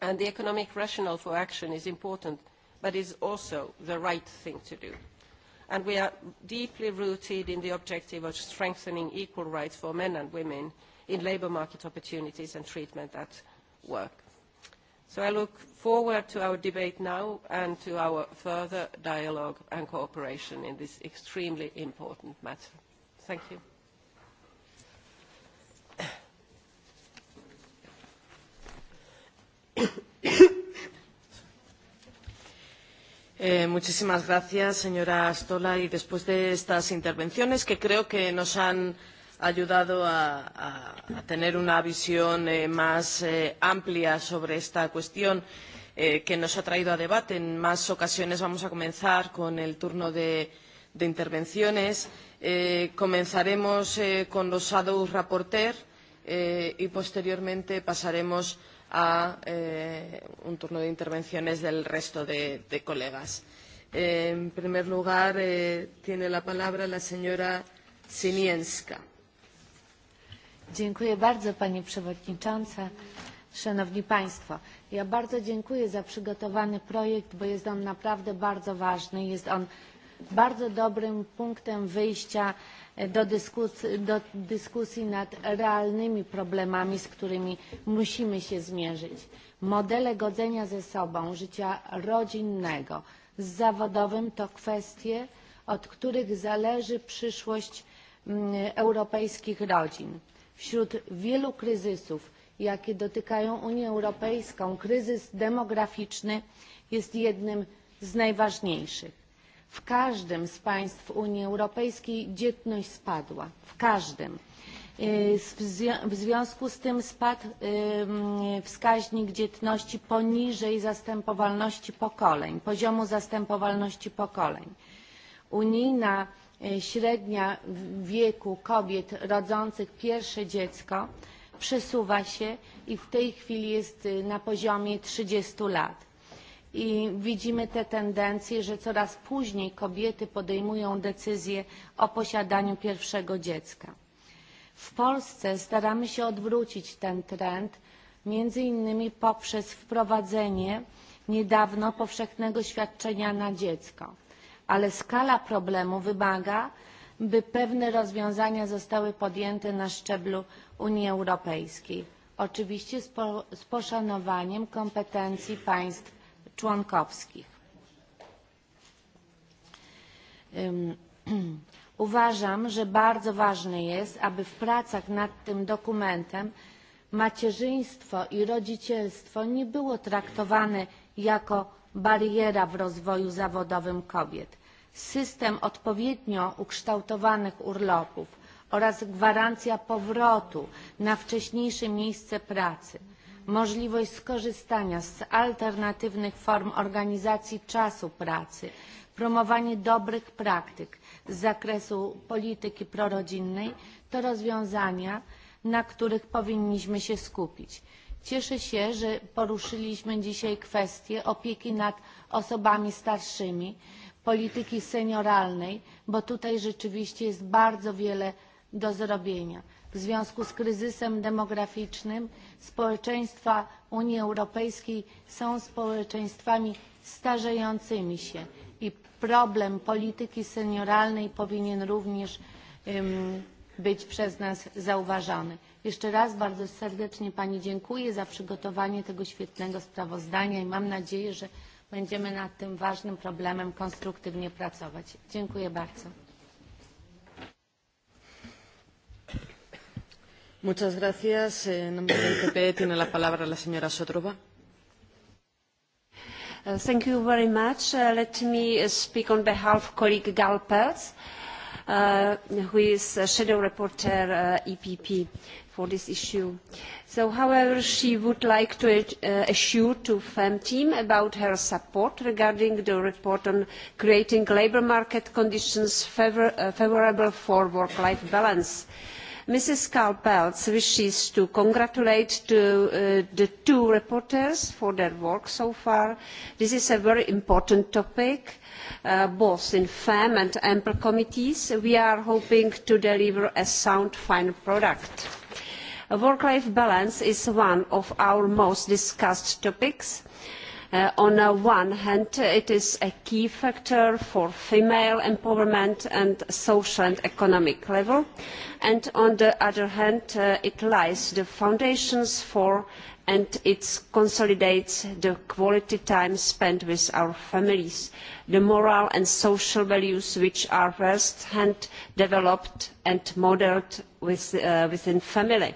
And the economic rationale for action is important, but is also the right thing to do and we are deeply rooted in the objective of strengthening equal rights for men and women in labour market opportunities and treatment at work. So I look forward to our debate now and to our further dialogue and cooperation in this extremely important matter. Thank you. Eh, muchísimas gracias, señora Stola. Y después de estas intervenciones, que creo que nos han ayudado a, a, tener una visión eh, más eh, amplia sobre esta cuestión que nos ha traído a debate. En más ocasiones vamos a comenzar con el turno de, intervenciones. Comenzaremos con los shadow y posteriormente pasaremos a a eh, un turno de intervenciones del resto de, de colegas. Eh, en primer lugar, eh, tiene la palabra la señora Sinienska. Dziękuję bardzo, Pani Przewodnicząca. Szanowni Państwo, ja bardzo dziękuję za przygotowany projekt, bo jest on naprawdę bardzo ważny. Jest on bardzo dobrym punktem wyjścia do dyskusji, nad realnymi problemami, z którymi musimy się zmierzyć. Modele godzenia ze sobą życia rodzinnego z zawodowym to kwestie, od których zależy przyszłość mm, europejskich rodzin. Wśród wielu kryzysów, jakie dotykają Unię Europejską, kryzys demograficzny jest jednym z najważniejszych W każdym z państw Unii Europejskiej dzietność spadła. W każdym. W związku z tym spadł wskaźnik dzietności poniżej zastępowalności pokoleń, poziomu zastępowalności pokoleń. Unijna średnia wieku kobiet rodzących pierwsze dziecko przesuwa się i w tej chwili jest na poziomie 30 lat i widzimy te tendencje, że coraz później kobiety podejmują decyzję o posiadaniu pierwszego dziecka. W Polsce staramy się odwrócić ten trend, między innymi poprzez wprowadzenie niedawno powszechnego świadczenia na dziecko. Ale skala problemu wymaga, by pewne rozwiązania zostały podjęte na szczeblu Unii Europejskiej. Oczywiście z, z poszanowaniem kompetencji państw członkowskich. <clears throat> Uważam, że bardzo ważne jest, aby w pracach nad tym dokumentem macierzyństwo i rodzicielstwo nie było traktowane jako bariera w rozwoju zawodowym kobiet. System odpowiednio ukształtowanych urlopów oraz gwarancja powrotu na wcześniejsze miejsce pracy – możliwość skorzystania z alternatywnych form organizacji czasu pracy, promowanie dobrych praktyk z zakresu polityki prorodzinnej to rozwiązania, na których powinniśmy się skupić. Cieszę się, że poruszyliśmy dzisiaj kwestię opieki nad osobami starszymi, polityki senioralnej, bo tutaj rzeczywiście jest bardzo wiele do zrobienia. W związku z kryzysem demograficznym społeczeństwa Unii Europejskiej są społeczeństwami starzejącymi się i problem polityki senioralnej powinien również być przez nas zauważany. Jeszcze raz bardzo serdecznie Pani dziękuję za przygotowanie tego świetnego sprawozdania i mam nadzieję, że będziemy nad tym ważnym problemem konstruktywnie pracować. Dziękuję bardzo. Muchas gracias. En Sotrova. Uh, much. Uh, let me speak on behalf of colleague Galpels, uh, who is a shadow rapporteur EPP for this issue. So, however, she would like to assure to FEM team about her support regarding the report on creating labour market conditions favourable for work-life balance. Mrs. Kalpelts wishes to congratulate uh, the two reporters for their work so far. This is a very important topic, uh, both in FEM and empl committees. We are hoping to deliver a sound final product. Work-life balance is one of our most discussed topics Uh, on the one hand it is a key factor for female empowerment at social and economic level and on the other hand uh, it lays the foundations for and it consolidates the quality time spent with our families the moral and social values which are first hand developed and modelled uh, within family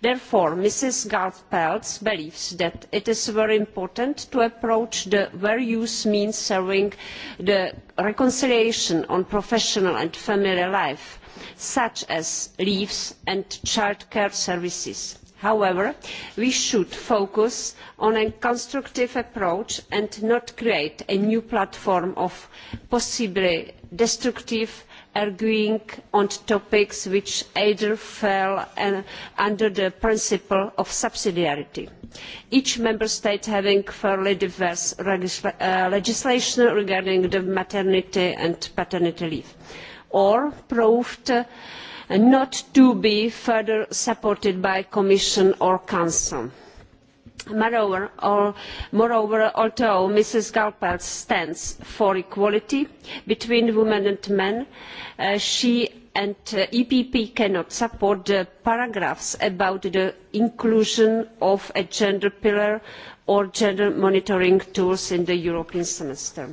therefore mrs gl pelcz believes that it is very important to approach the various means serving the reconciliation on professional and family life such as leave and childcare services. however we should focus on a constructive approach and not create a new platform of possibly destructive arguing on topics which either fell uh, under the principle of subsidiarity each member state having fairly diverse uh, legislation regarding the maternity and paternity leave or proved uh, not to be further supported by the commission or council. Moreover, although mrs galpel stands for equality between women and men uh, she and the uh, epp cannot support the paragraphs about the inclusion of a gender pillar or gender monitoring tools in the european semester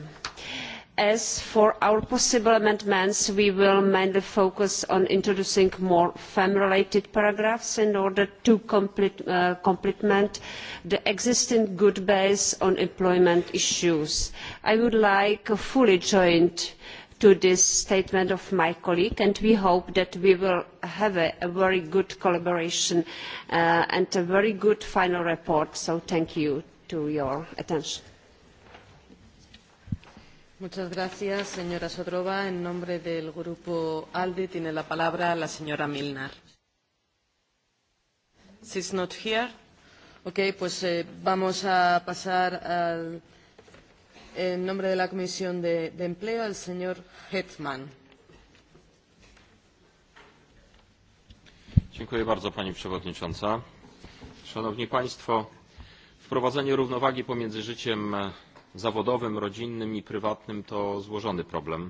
as for our possible amendments we will mainly focus on introducing more fem related paragraphs in order to uh, complement the existing good base on employment issues. i would like to fully join to this statement of my colleague and we hope that we will have a, very good collaboration uh, and a very good final report so thank you for your attention. Muchas gracias, señora Sodrova. En nombre del grupo ALDE tiene la palabra la señora Milnar. She's not here. Okay, pues eh, vamos a pasar al en nombre de la Comisión de, de Empleo al señor Hetman. Dziękuję bardzo pani przewodnicząca. Szanowni państwo, wprowadzenie równowagi pomiędzy życiem zawodowym, rodzinnym i prywatnym to złożony problem.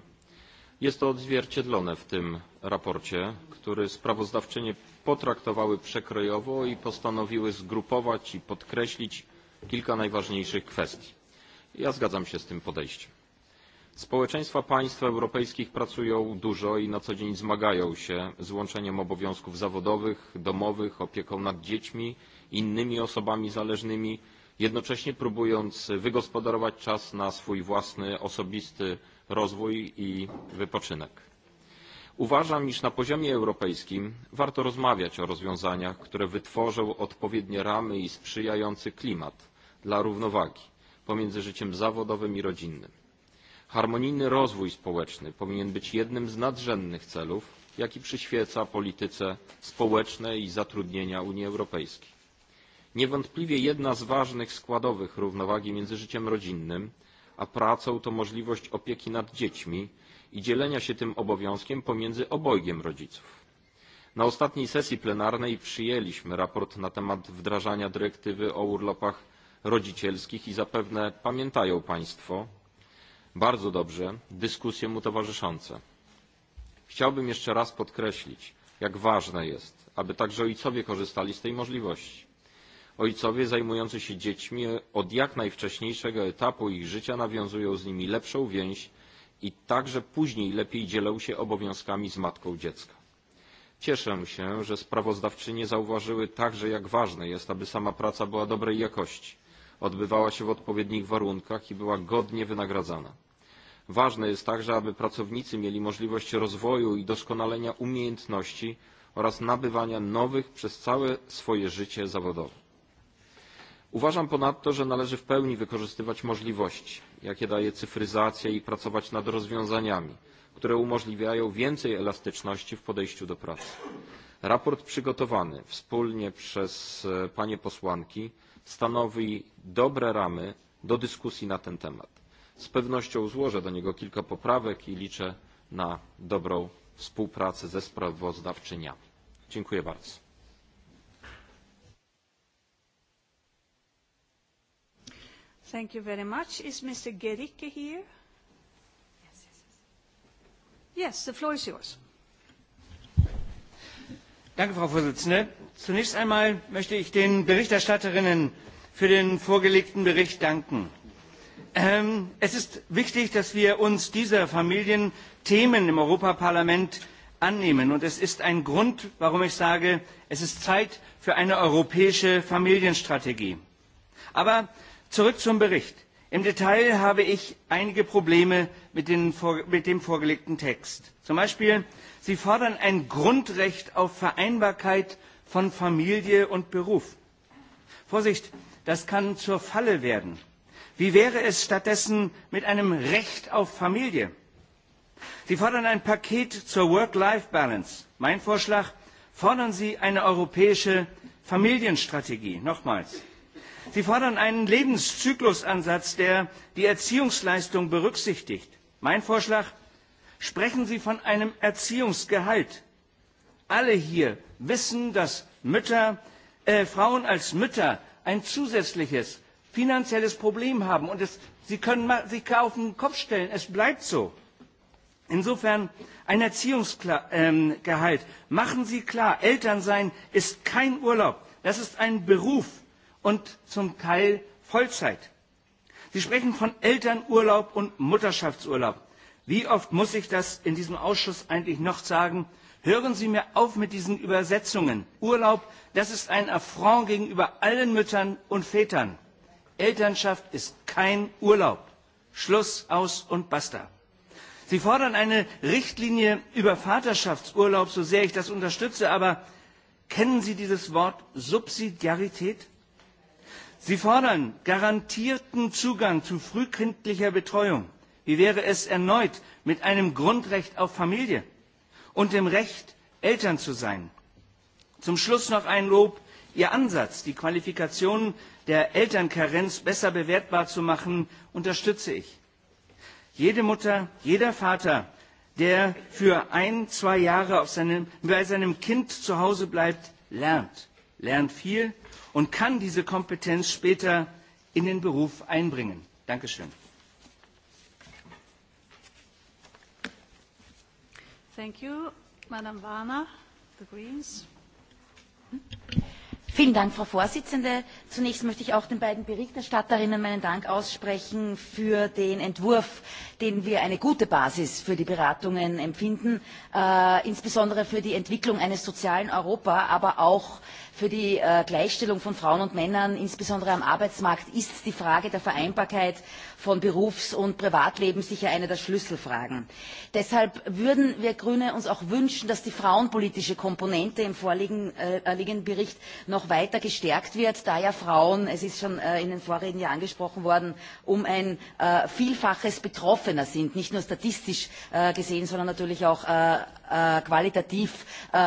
Jest to odzwierciedlone w tym raporcie, który sprawozdawczynie potraktowały przekrojowo i postanowiły zgrupować i podkreślić kilka najważniejszych kwestii. Ja zgadzam się z tym podejściem. Społeczeństwa państw europejskich pracują dużo i na co dzień zmagają się z łączeniem obowiązków zawodowych, domowych, opieką nad dziećmi, innymi osobami zależnymi jednocześnie próbując wygospodarować czas na swój własny osobisty rozwój i wypoczynek. Uważam, iż na poziomie europejskim warto rozmawiać o rozwiązaniach, które wytworzą odpowiednie ramy i sprzyjający klimat dla równowagi pomiędzy życiem zawodowym i rodzinnym. Harmonijny rozwój społeczny powinien być jednym z nadrzędnych celów, jaki przyświeca polityce społecznej i zatrudnienia Unii Europejskiej. Niewątpliwie jedna z ważnych składowych równowagi między życiem rodzinnym a pracą to możliwość opieki nad dziećmi i dzielenia się tym obowiązkiem pomiędzy obojgiem rodziców. Na ostatniej sesji plenarnej przyjęliśmy raport na temat wdrażania dyrektywy o urlopach rodzicielskich i zapewne pamiętają Państwo bardzo dobrze dyskusje mu towarzyszące. Chciałbym jeszcze raz podkreślić, jak ważne jest, aby także ojcowie korzystali z tej możliwości Ojcowie zajmujący się dziećmi od jak najwcześniejszego etapu ich życia nawiązują z nimi lepszą więź i także później lepiej dzielą się obowiązkami z matką dziecka. Cieszę się, że sprawozdawczynie zauważyły także, jak ważne jest, aby sama praca była dobrej jakości, odbywała się w odpowiednich warunkach i była godnie wynagradzana. Ważne jest także, aby pracownicy mieli możliwość rozwoju i doskonalenia umiejętności oraz nabywania nowych przez całe swoje życie zawodowe. Uważam ponadto, że należy w pełni wykorzystywać możliwości, jakie daje cyfryzacja i pracować nad rozwiązaniami, które umożliwiają więcej elastyczności w podejściu do pracy. Raport przygotowany wspólnie przez e, panie posłanki stanowi dobre ramy do dyskusji na ten temat. Z pewnością złożę do niego kilka poprawek i liczę na dobrą współpracę ze sprawozdawczyniami. Dziękuję bardzo. Thank you very much. Is Mr. Gericke here? Yes, yes, yes. Yes, the yours. Danke, Frau Vorsitzende. Zunächst einmal möchte ich den Berichterstatterinnen für den vorgelegten Bericht danken. Ähm, es ist wichtig, dass wir uns dieser Familienthemen im Parlament annehmen. Und es ist ein Grund, warum ich sage, es ist Zeit für eine europäische Familienstrategie. Aber zurück zum bericht im detail habe ich einige probleme mit, dem vorgelegten text zum beispiel sie fordern ein grundrecht auf vereinbarkeit von familie und beruf. vorsicht das kann zur falle werden! wie wäre es stattdessen mit einem recht auf familie? sie fordern ein paket zur work life balance. mein vorschlag fordern sie eine europäische familienstrategie. nochmals sie fordern einen lebenszyklusansatz der die erziehungsleistung berücksichtigt. mein vorschlag sprechen sie von einem erziehungsgehalt. alle hier wissen dass mütter, äh, frauen als mütter ein zusätzliches finanzielles problem haben und es, sie können sich auf den kopf stellen es bleibt so. insofern ein erziehungsgehalt ähm, machen sie klar elternsein ist kein urlaub das ist ein beruf und zum Teil Vollzeit. Sie sprechen von Elternurlaub und Mutterschaftsurlaub. Wie oft muss ich das in diesem Ausschuss eigentlich noch sagen? Hören Sie mir auf mit diesen Übersetzungen. Urlaub, das ist ein Affront gegenüber allen Müttern und Vätern. Elternschaft ist kein Urlaub. Schluss, aus und basta. Sie fordern eine Richtlinie über Vaterschaftsurlaub, so sehr ich das unterstütze, aber kennen Sie dieses Wort Subsidiarität? sie fordern garantierten zugang zu frühkindlicher betreuung wie wäre es erneut mit einem grundrecht auf familie und dem recht eltern zu sein? zum schluss noch ein lob ihr ansatz die qualifikationen der elternkarenz besser bewertbar zu machen unterstütze ich. jede mutter jeder vater der für ein zwei jahre auf seinem, bei seinem kind zu hause bleibt lernt lernt viel und kann diese Kompetenz später in den Beruf einbringen. Dankeschön. Thank you. the Greens. Vielen Dank, Frau Vorsitzende. Zunächst möchte ich auch den beiden Berichterstatterinnen meinen Dank aussprechen für den Entwurf, den wir eine gute Basis für die Beratungen empfinden, äh, insbesondere für die Entwicklung eines sozialen Europa, aber auch für die äh, Gleichstellung von Frauen und Männern, insbesondere am Arbeitsmarkt, ist die Frage der Vereinbarkeit von Berufs- und Privatleben sicher eine der Schlüsselfragen. Deshalb würden wir Grüne uns auch wünschen, dass die frauenpolitische Komponente im vorliegenden äh, Bericht noch weiter gestärkt wird, da ja Frauen, es ist schon äh, in den Vorreden angesprochen worden, um ein Vielfaches betroffener sind, nicht nur statistisch gesehen, sondern natürlich auch qualitativ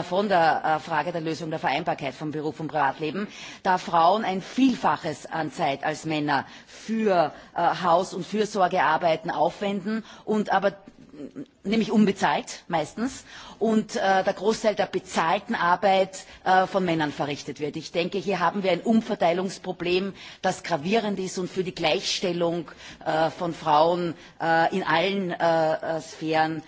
von der Frage der Lösung der Vereinbarkeit Beruf und Privatleben, da Frauen ein Vielfaches an Zeit als Männer für äh, Haus- und Fürsorgearbeiten aufwenden und aber nämlich unbezahlt meistens und äh, der großteil der bezahlten arbeit äh, von männern verrichtet wird. ich denke hier haben wir ein umverteilungsproblem das gravierend ist und für die gleichstellung äh, von frauen in allen sphären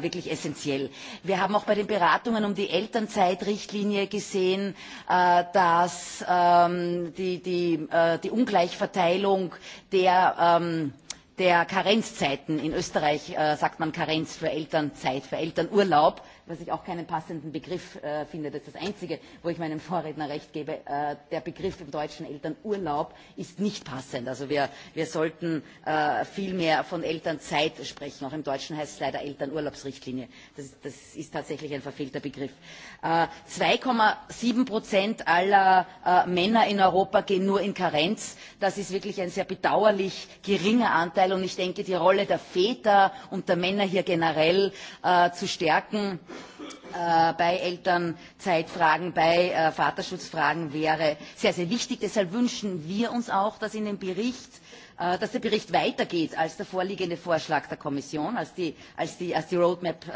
wirklich essentiell. wir haben auch bei den beratungen um die elternzeitrichtlinie gesehen dass ähm, die, die ungleichverteilung der ähm, der Karenzzeiten. In Österreich äh, sagt man Karenz für Elternzeit, für Elternurlaub was ich auch keinen passenden Begriff äh, finde. Das ist das Einzige, wo ich meinem Vorredner recht gebe. Äh, der Begriff im deutschen Elternurlaub ist nicht passend. Also wir, wir sollten äh, viel mehr von Elternzeit sprechen. Auch im Deutschen heißt es leider Elternurlaubsrichtlinie. Das, das ist tatsächlich ein verfehlter Begriff. Äh, 2,7 Prozent aller äh, Männer in Europa gehen nur in Karenz. Das ist wirklich ein sehr bedauerlich geringer Anteil. Und ich denke, die Rolle der Väter und der Männer hier generell äh, zu stärken, Äh, bei Elternzeitfragen, bei äh, Vaterschutzfragen wäre sehr, sehr wichtig. Deshalb wünschen wir uns auch, dass in dem Bericht äh, dass der Bericht weitergeht als der vorliegende Vorschlag der Kommission, als die, als die, als die Roadmap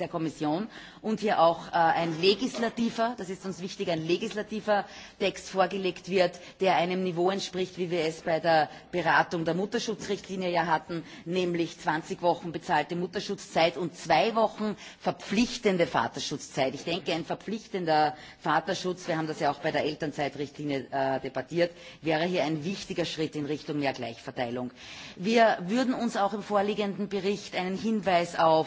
der Kommission und hier auch äh, ein legislativer, das ist uns wichtig, ein legislativer Text vorgelegt wird, der einem Niveau entspricht, wie wir es bei der Beratung der Mutterschutzrichtlinie ja hatten, nämlich 20 Wochen bezahlte Mutterschutzzeit und zwei Wochen verpflichtende Vaterschutzzeit. Ich denke, ein verpflichtender Vaterschutz, wir haben das ja auch bei der Elternzeitrichtlinie äh, debattiert, wäre hier ein wichtiger Schritt in Richtung mehr Gleichverteilung. Wir würden uns auch im vorliegenden Bericht einen Hinweis auf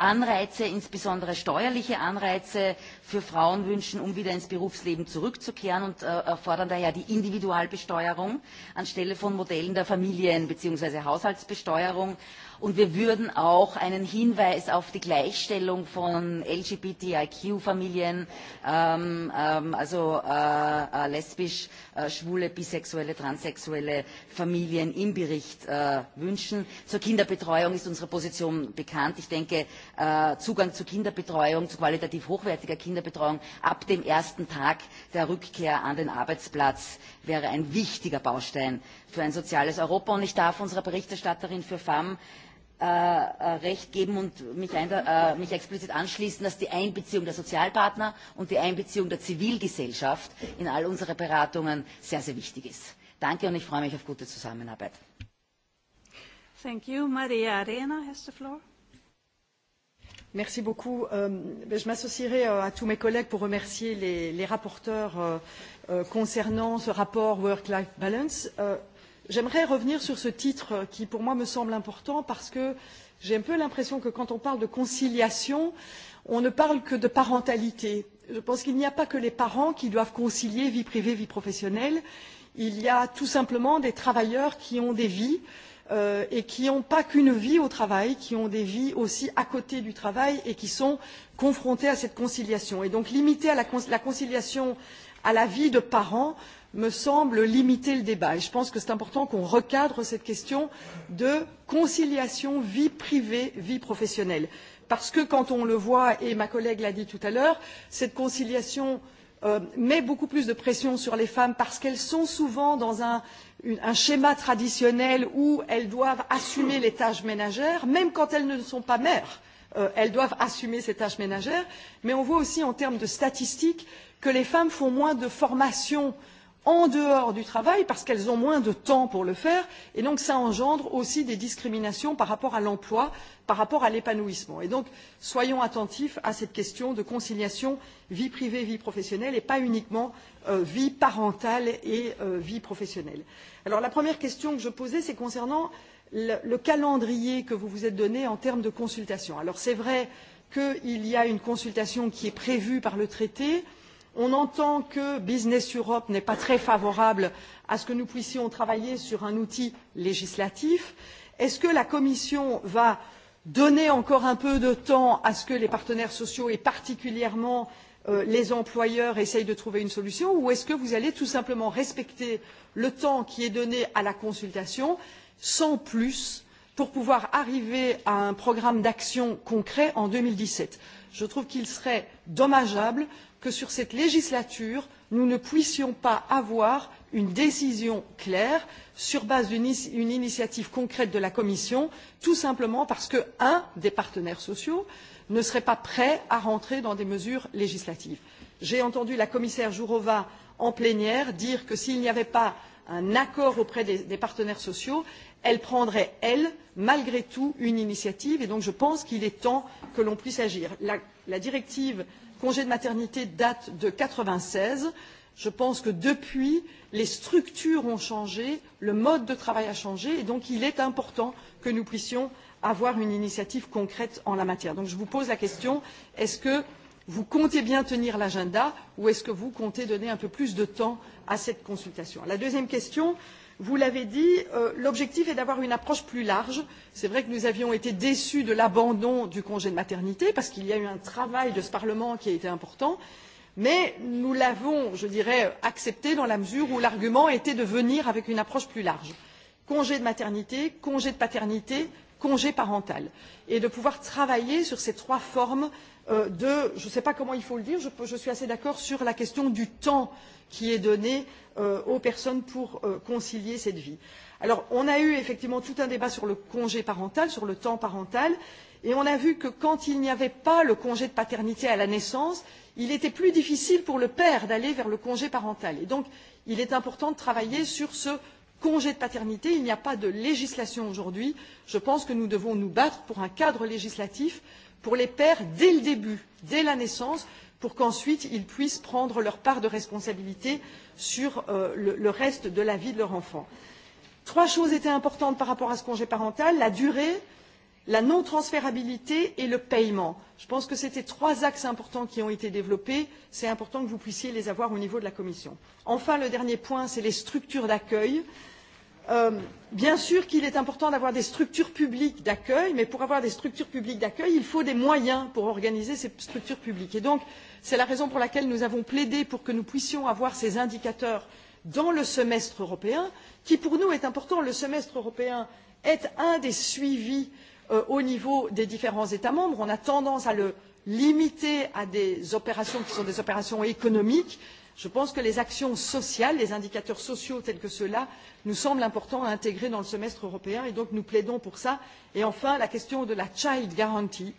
Anreize, insbesondere steuerliche Anreize für Frauen wünschen, um wieder ins Berufsleben zurückzukehren und äh, erfordern fordern daher die Individualbesteuerung anstelle von Modellen der Familien- bzw. Haushaltsbesteuerung und wir würden auch einen Hinweis auf die Gleichstellung von LGBTIQ Familien ähm, ähm, also äh, äh, lesbisch äh, schwule bisexuelle transsexuelle Familien im Bericht wünschen zur Kinderbetreuung ist unsere Position bekannt ich denke Zugang zu Kinderbetreuung zu qualitativ hochwertiger Kinderbetreuung ab dem ersten Tag der Rückkehr an den Arbeitsplatz wäre ein wichtiger Baustein für ein soziales Europa und ich darf unserer Berichterstatterin für FAM Äh, äh, Recht geben und mich, ein, äh, mich explizit anschließen, dass die Einbeziehung der Sozialpartner und die Einbeziehung der Zivilgesellschaft in all unsere Beratungen sehr, sehr wichtig ist. Danke und ich freue mich auf gute Zusammenarbeit. Thank you. Maria Arena has the floor. Merci beaucoup. Euh, je m'associerai euh, à tous mes collègues pour remercier les, les rapporteurs euh, concernant ce rapport Work-Life Balance j'aimerais revenir sur ce titre qui pour moi me semble important parce que j'ai un peu l'impression que quand on parle de conciliation on ne parle que de parentalité. je pense qu'il n'y a pas que les parents qui doivent concilier vie privée vie professionnelle il y a tout simplement des travailleurs qui ont des vies euh, et qui n'ont pas qu'une vie au travail qui ont des vies aussi à côté du travail et qui sont confrontés à cette conciliation. et donc limiter la, la conciliation à la vie de parents me semble limiter le débat et je pense que c'est important qu'on recadre cette question de conciliation vie privée vie professionnelle parce que quand on le voit et ma collègue l'a dit tout à l'heure cette conciliation euh, met beaucoup plus de pression sur les femmes parce qu'elles sont souvent dans un, un schéma traditionnel où elles doivent assumer les tâches ménagères même quand elles ne sont pas mères euh, elles doivent assumer ces tâches ménagères mais on voit aussi en termes de statistiques que les femmes font moins de formation en dehors du travail parce qu'elles ont moins de temps pour le faire et donc cela engendre aussi des discriminations par rapport à l'emploi par rapport à l'épanouissement. donc soyons attentifs à cette question de conciliation vie privée vie professionnelle et pas uniquement euh, vie parentale et euh, vie professionnelle. Alors, la première question que je posais c'est concernant le, calendrier que vous vous êtes donné en termes de consultation. il est vrai qu'il y a une consultation qui est prévue par le traité on entend que business europe n'est pas très favorable à ce que nous puissions travailler sur un outil législatif est ce que la commission va donner encore un peu de temps à ce que les partenaires sociaux et particulièrement euh, les employeurs essayent de trouver une solution ou est ce que vous allez tout simplement respecter le temps qui est donné à la consultation sans plus pour pouvoir arriver à un programme d'action concret en? deux mille dix sept je trouve qu'il serait dommageable que sur cette législature nous ne puissions pas avoir une décision claire sur base d'une initiative concrète de la commission tout simplement parce qu'un des partenaires sociaux ne serait pas prêt à rentrer dans des mesures législatives. j'ai entendu la commissaire Jourova en plénière dire que s'il n'y avait pas un accord auprès des, partenaires sociaux elle prendrait elle malgré tout une initiative et donc je pense qu'il est temps que l'on puisse agir. la, la directive congé de maternité date de quatre-vingt seize. je pense que depuis les structures ont changé le mode de travail a changé et donc il est important que nous puissions avoir une initiative concrète en la matière je vous pose la question est-ce que vous comptez bien tenir l'agenda ou est-ce que vous comptez donner un peu plus de temps à cette consultation la deuxième question vous l'avez dit euh, l'objectif est d'avoir une approche plus large c'est vrai que nous avions été déçus de l'abandon du congé de maternité parce qu'il y a eu un travail de ce parlement qui a été important mais nous l'avons je dirais accepté dans la mesure où l'argument était de venir avec une approche plus large congé de maternité congé de paternité congé parental et de pouvoir travailler sur ces trois formes Euh, de je ne sais pas comment il faut le dire je, je suis assez d'accord sur la question du temps qui est donné euh, aux personnes pour euh, concilier cette vie. alors on a eu effectivement tout un débat sur le congé parental sur le temps parental et on a vu que quand il n'y avait pas le congé de paternité à la naissance il était plus difficile pour le père d'aller vers le congé parental et donc il est important de travailler sur ce congé de paternité il n'y a pas de législation aujourd'hui je pense que nous devons nous battre pour un cadre législatif pour les pères dès le début dès la naissance pour qu'ensuite ils puissent prendre leur part de responsabilité sur euh, le, reste de la vie de leur enfant. trois choses étaient importantes par rapport à ce congé parental la durée la non transférabilité et le paiement. je pense que c'était trois axes importants qui ont été développés c'est important que vous puissiez les avoir au niveau de la commission. enfin le dernier point c'est les structures d'accueil. Euh, bien sûr qu'il est important d'avoir des structures publiques d'accueil mais pour avoir des structures publiques d'accueil il faut des moyens pour organiser ces structures publiques et donc c'est la raison pour laquelle nous avons plaidé pour que nous puissions avoir ces indicateurs dans le semestre européen qui pour nous est important le semestre européen est un des suivis euh, au niveau des différents états membres on a tendance à le limiter à des opérations qui sont des opérations économiques je pense que les actions sociales les indicateurs sociaux tels que ceux là nous semblent importants à intégrer dans le semestre européen et donc nous plaidons pour cela. et enfin la question de la child guarantee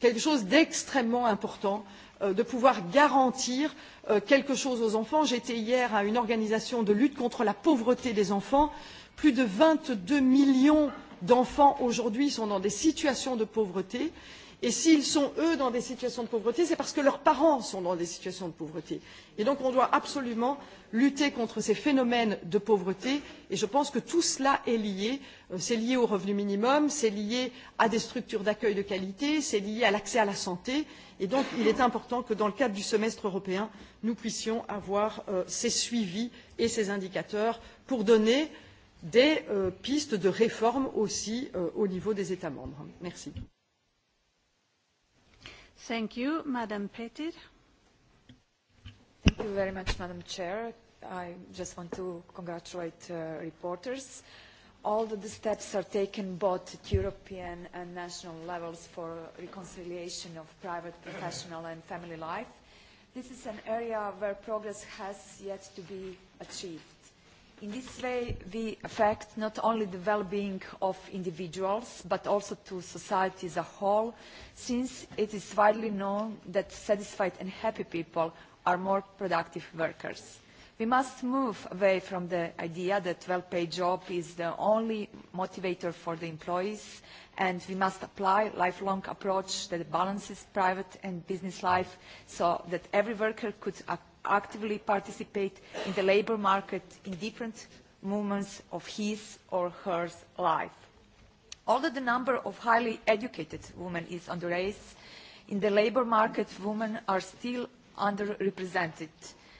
quelque chose d'extrêmement important euh, de pouvoir garantir euh, quelque chose aux enfants. j'étais hier à une organisation de lutte contre la pauvreté des enfants plus de vingt deux millions d'enfants aujourd'hui sont dans des situations de pauvreté et et s'ils sont eux dans des situations de pauvreté c'est parce que leurs parents sont dans des situations de pauvreté et donc on doit absolument lutter contre ces phénomènes de pauvreté et je pense que tout cela est lié euh, c'est lié au revenu minimum c'est lié à des structures d'accueil de qualité c'est lié à l'accès à la santé et donc il est important que dans le cadre du semestre européen nous puissions avoir euh, ces suivis et ces indicateurs pour donner des euh, pistes de réforme aussi au niveau des états membres merci Thank you. Madam Petir. Thank you very much, Madam Chair. I just want to congratulate uh, reporters. All the steps are taken both at European and national levels for reconciliation of private, professional and family life. This is an area where progress has yet to be achieved in this way we affect not only the well being of individuals but also to society as a whole since it is widely known that satisfied and happy people are more productive workers. we must move away from the idea that a well paid job is the only motivator for the employees and we must apply a lifelong approach that balances private and business life so that every worker could actively participate in the labour market in different moments of his or her life. Although the number of highly educated women is on the rise, in the labour market women are still underrepresented.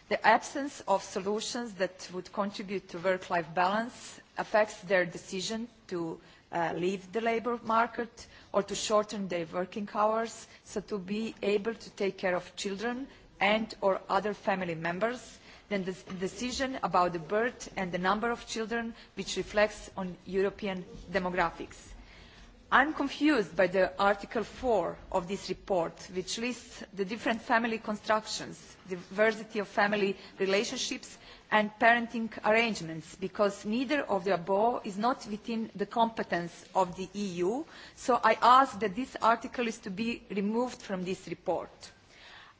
The absence of solutions that would contribute to work-life balance affects their decision to uh, leave the labour market or to shorten their working hours, so to be able to take care of children and or other family members than the decision about the birth and the number of children which reflects on European demographics. I am confused by Article 4 of this report which lists the different family constructions, diversity of family relationships and parenting arrangements because neither of the above is not within the competence of the EU so I ask that this article is to be removed from this report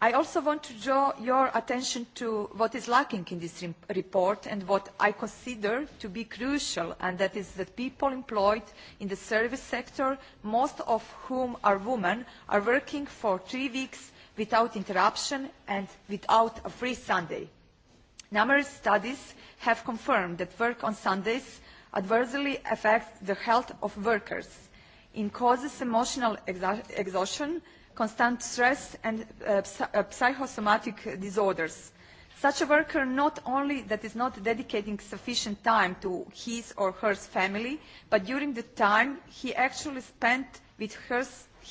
i also want to draw your attention to what is lacking in this report and what I consider to be crucial, and that is that people employed in the service sector, most of whom are women, are working for three weeks without interruption and without a free Sunday. Numerous studies have confirmed that work on Sundays adversely affects the health of workers. It causes emotional exhaustion, constant stress and uh, uh, psychosomatic disorders. Such a worker not only that is not dedicating sufficient time to his or her family, but during the time he actually spent with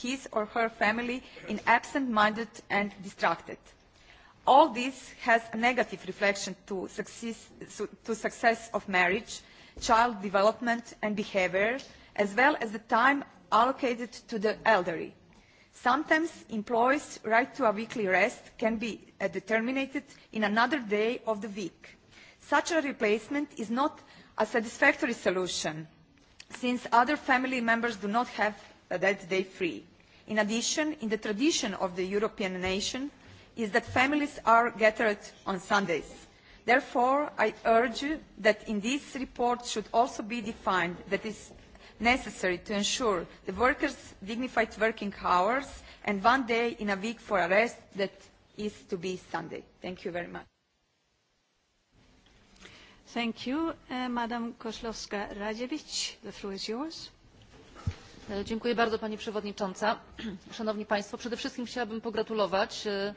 his or her family in absent-minded and distracted. All this has a negative reflection to success, to success of marriage, child development and behavior, as well as the time allocated to the elderly sometimes employees' right to a weekly rest can be uh, determined in another day of the week. such a replacement is not a satisfactory solution since other family members do not have uh, that day free. in addition in the tradition of the european nation is that families are gathered on sundays. therefore i urge that in this report should also be defined that is necessary to ensure the workers' dignified working hours and one day in a week for a rest that is to be Sunday. Thank you very much. Thank you. Uh, Madam Koszlowska-Radziewicz, the floor is yours. E, dziękuję bardzo Pani Przewodnicząca. <clears throat> Szanowni Państwo, przede wszystkim chciałabym pogratulować e,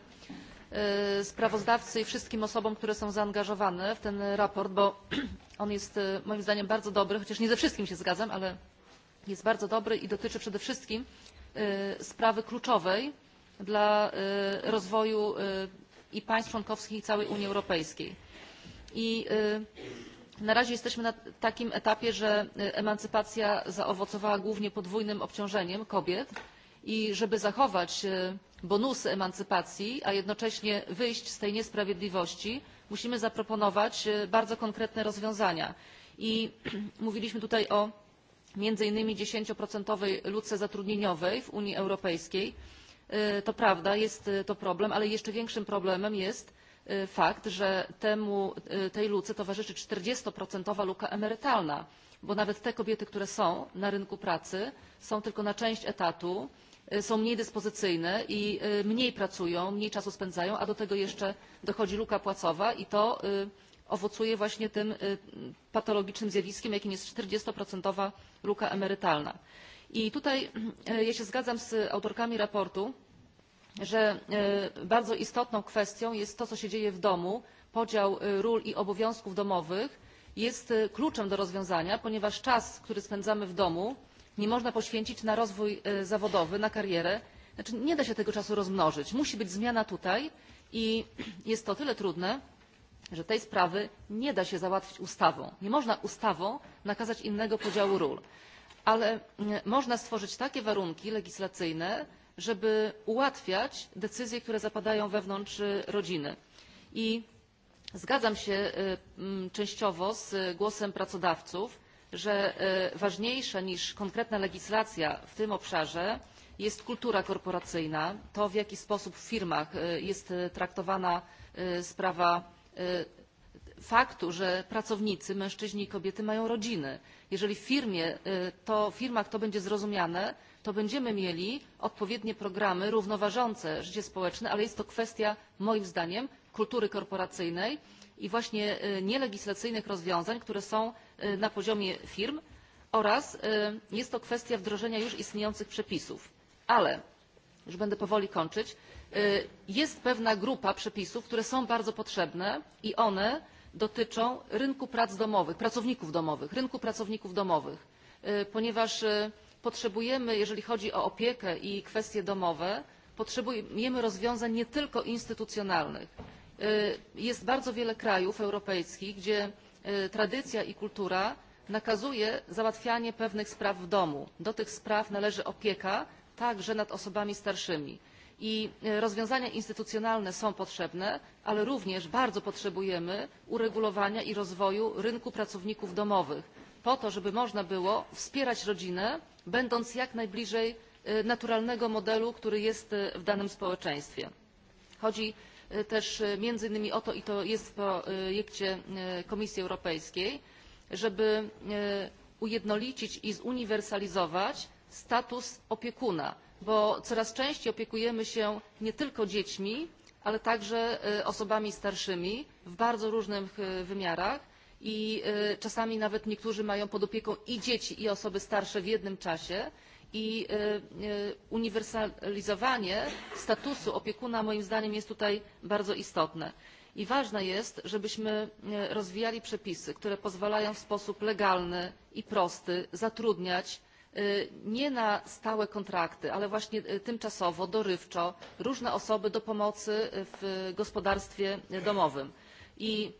E, sprawozdawcy i wszystkim osobom które są zaangażowane w ten sprawozdanie bo <clears throat> on jest e, moim zdaniem bardzo dobry, chociaż nie ze wszystkim się zgadzam ale jest bardzo dobry i dotyczy przede wszystkim e, sprawy kluczowej dla rozwoju i państw członkowskich i całej unii europejskiej. I na razie jesteśmy na takim etapie że emancypacja zaowocowała głównie podwójnym obciążeniem kobiet i żeby zachować bonusy emancypacji a jednocześnie wyjść z tej niesprawiedliwości musimy zaproponować e, bardzo konkretne rozwiązania i <clears throat> mówiliśmy tutaj o między innymi dziesięcioprocentowej luce zatrudnieniowej w unii europejskiej e, to prawda jest e, to problem ale jeszcze większym problemem jest fakt że temu, tej luce towarzyszy czterdziestoprocentowa luka emerytalna bo nawet te kobiety które są na rynku pracy są tylko na część etatu E, są mniej dyspozycyjne i e, mniej pracują mniej czasu spędzają a do tego jeszcze dochodzi luka płacowa i to e, owocuje właśnie tym patologicznym zjawiskiem jakim jest 40 luka emerytalna. i tutaj ja się zgadzam z autorkami raportu że bardzo istotną kwestią jest to co się dzieje w domu podział ról i obowiązków domowych jest kluczem do rozwiązania ponieważ czas który spędzamy w domu nie można poświęcić na rozwój e, zawodowy na karierę znaczy nie da się tego czasu rozmnożyć musi być zmiana tutaj i <clears throat> jest to tyle trudne że tej sprawy nie da się załatwić ustawą nie można ustawą nakazać innego podziału ról ale można stworzyć takie warunki legislacyjne żeby ułatwiać decyzje które zapadają wewnątrz e, rodziny i zgadzam się e, częściowo z głosem pracodawców że e, ważniejsza niż konkretna legislacja w tym obszarze jest kultura korporacyjna to w jaki sposób w firmach e, jest e, traktowana sprawa faktu że pracownicy mężczyźni i kobiety mają rodziny. jeżeli w firmie to w firmach to będzie zrozumiane to będziemy mieli odpowiednie programy równoważące życie społeczne ale jest to kwestia moim zdaniem kultury korporacyjnej i właśnie nielegislacyjnych rozwiązań które są E, na poziomie firm oraz e, jest to kwestia wdrożenia już istniejących przepisów. Ale już będę powoli kończyć e, jest pewna grupa przepisów które są bardzo potrzebne i one dotyczą rynku prac domowych pracowników domowych rynku pracowników domowych ponieważ potrzebujemy jeżeli chodzi o opiekę i kwestie domowe potrzebujemy rozwiązań nie tylko instytucjonalnych. jest bardzo wiele krajów europejskich gdzie E, tradycja i kultura nakazuje załatwianie pewnych spraw w domu. do tych spraw należy opieka także nad osobami starszymi i e, rozwiązania instytucjonalne są potrzebne ale również bardzo potrzebujemy uregulowania i rozwoju rynku pracowników domowych po to żeby można było wspierać rodzinę będąc jak najbliżej e, naturalnego modelu który jest w danym społeczeństwie. chodzi E, też e, między innymi o to i to jest w projekcie e, komisji europejskiej żeby ujednolicić i zuniwersalizować status opiekuna bo coraz częściej opiekujemy się nie tylko dziećmi ale także osobami starszymi w bardzo różnych wymiarach i czasami nawet niektórzy mają pod opieką i dzieci i osoby starsze w jednym czasie i e, e, uniwersalizowanie statusu opiekuna moim zdaniem jest tutaj bardzo istotne i ważne jest żebyśmy e, rozwijali przepisy które pozwalają w sposób legalny i prosty zatrudniać nie na stałe kontrakty ale właśnie tymczasowo dorywczo różne osoby do pomocy w gospodarstwie domowym i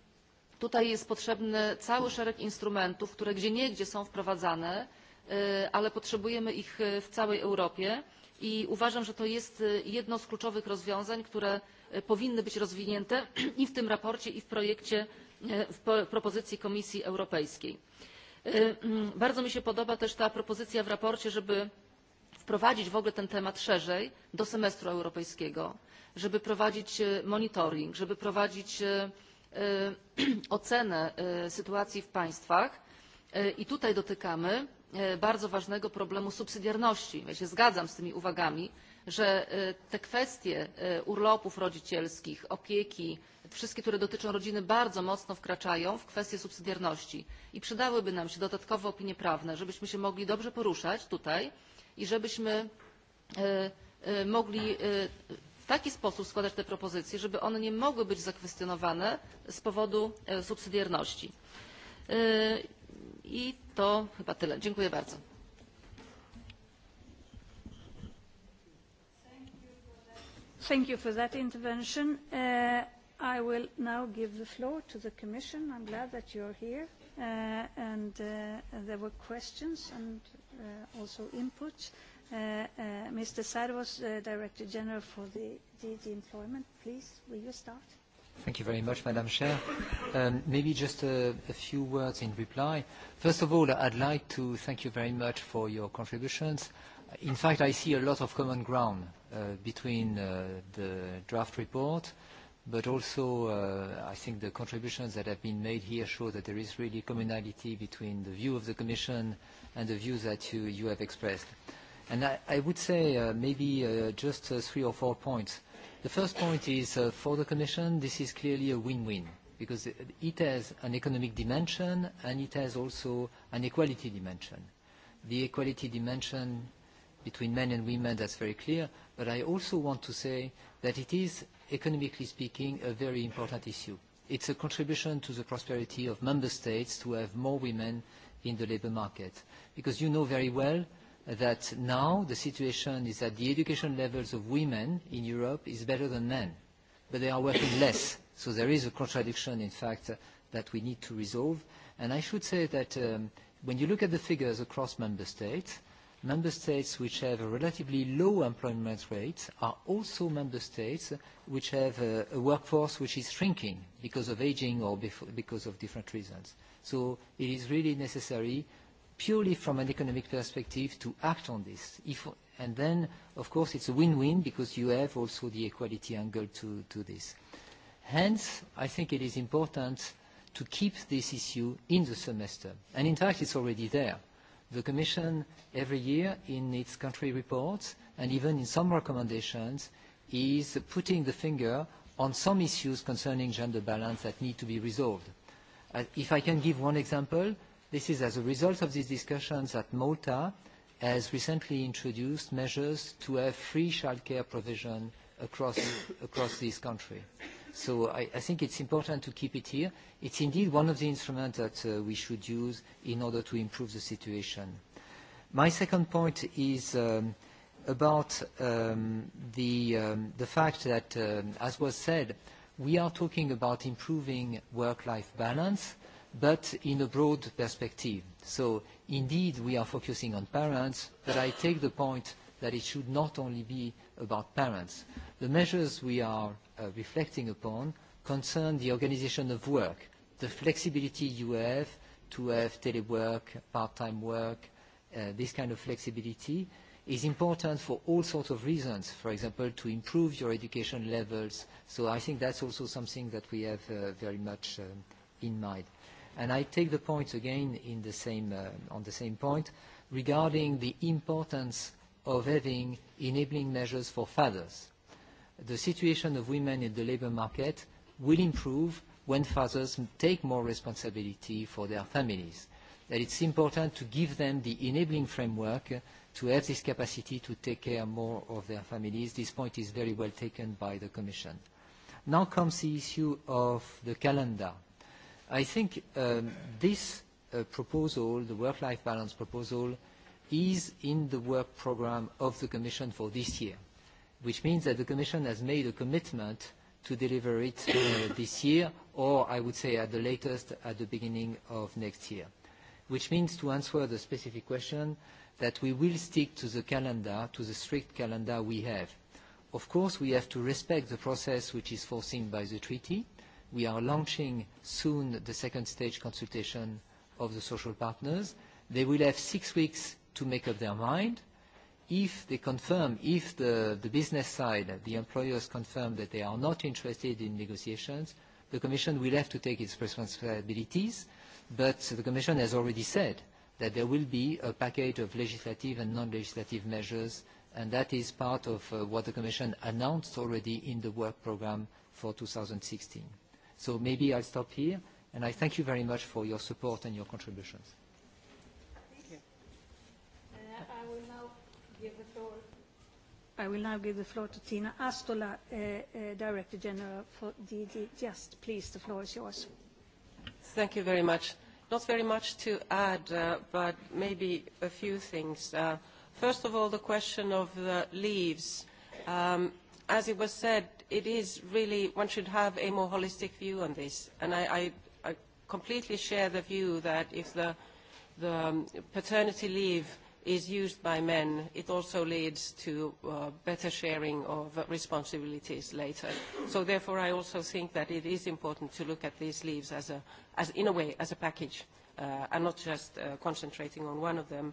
tutaj jest potrzebny cały szereg instrumentów które gdzieniegdzie są wprowadzane E, ale potrzebujemy ich e, w całej europie i uważam że to jest e, jedno z kluczowych rozwiązań które powinny być rozwinięte <clears throat> i w tym sprawozdaniu i w projekcie w propozycji komisji europejskiej. Mm, bardzo mi się podoba też ta propozycja w sprawozdaniu żeby wprowadzić w ogóle ten temat szerzej do semestru europejskiego żeby prowadzić monitoring żeby prowadzić <clears throat> ocenę sytuacji w państwach i tutaj dotykamy E, bardzo ważnego problemu subsydiarności. ja się zgadzam z tymi uwagami że e, te kwestie e, urlopów rodzicielskich opieki wszystkie które dotyczą rodziny bardzo mocno wkraczają w kwestie subsydiarności i przydałyby nam się dodatkowe opinie prawne żebyśmy się mogli dobrze poruszać tutaj i żebyśmy mogli w taki sposób składać te propozycje żeby one nie mogły być zakwestionowane z powodu subsydiarności. I to chyba tyle. Dziękuję bardzo. Thank you for that intervention. Uh, I will now give the floor to the Commission. I'm glad that you're here. Uh, and uh, there were questions and uh, also inputs. Uh, uh, Mr. Sarvos, uh, Director General for the DG Employment, please, will you start? Thank you very much, Madam Chair. Um, maybe just a, few words in reply. First of all, I'd like to thank you very much for your contributions. In fact, I see a lot of common ground uh, between uh, the draft report, but also uh, I think the contributions that have been made here show that there is really commonality between the view of the Commission and the views that you, have expressed. And I would say maybe just three or four points. The first point is for the Commission, this is clearly a win-win because it has an economic dimension and it has also an equality dimension. The equality dimension between men and women, that's very clear, but I also want to say that it is, economically speaking, a very important issue. It's a contribution to the prosperity of member states to have more women in the labour market. Because you know very well that now the situation is that the education levels of women in Europe is better than men, but they are working less. So there is a contradiction, in fact, uh, that we need to resolve. And I should say that um, when you look at the figures across member states, member states which have a relatively low employment rate are also member states which have a, workforce which is shrinking because of aging or because of different reasons. So it is really necessary, purely from an economic perspective, to act on this. and then, of course, it's a win-win because you have also the equality angle to, to this. Hence, I think it is important to keep this issue in the semester. And in fact, is already there. The Commission, every year, in its country reports, and even in some recommendations, is putting the finger on some issues concerning gender balance that need to be resolved. Uh, if I can give one example, this is as a result of these discussions that Malta has recently introduced measures to have free childcare provision across, across this country. So I, I think it's important to keep it here. It's indeed one of the instruments that uh, we should use in order to improve the situation. My second point is um, about um, the, um, the fact that, as was said, we are talking about improving work-life balance, but in a broad perspective. So indeed, we are focusing on parents, but I take the point that it should not only be about parents. The measures we are Uh, reflecting upon concern the organisation of work, the flexibility you have to have telework, part-time work, uh, this kind of flexibility is important for all sorts of reasons, for example, to improve your education levels. So I think that's also something that we have uh, very much um, in mind. And I take the point again in the same, uh, on the same point regarding the importance of having enabling measures for fathers the situation of women in the labour market will improve when fathers take more responsibility for their families. That it's important to give them the enabling framework to have this capacity to take care more of their families. This point is very well taken by the Commission. Now comes the issue of the calendar. I think um, this uh, proposal, the work-life balance proposal, is in the work programme of the Commission for this year which means that the Commission has made a commitment to deliver it uh, this year, or I would say at the latest, at the beginning of next year. Which means, to answer the specific question, that we will stick to the calendar, to the strict calendar we have. Of course, we have to respect the process which is foreseen by the treaty. We are launching soon the second stage consultation of the social partners. They will have six weeks to make up their mind if they confirm, if the, business side, the employers confirm that they are not interested in negotiations, the Commission will have to take its responsibilities, but the Commission has already said that there will be a package of legislative and non-legislative measures, and that is part of uh, what the Commission announced already in the work programme for 2016. So maybe I'll stop here, and I thank you very much for your support and your contributions. I will now give the floor to Tina Astola, uh, uh, Director General for DG. Just please, the floor is yours. Thank you very much. Not very much to add, uh, but maybe a few things. First of all, the question of the leaves. Um, as it was said, it is really, one should have a more holistic view on this. And I, I, I completely share the view that if the, the um, paternity leave is used by men, it also leads to uh, better sharing of responsibilities later. So therefore, I also think that it is important to look at these leaves as a, as, in a way, as a package, uh, and not just uh, concentrating on one of them.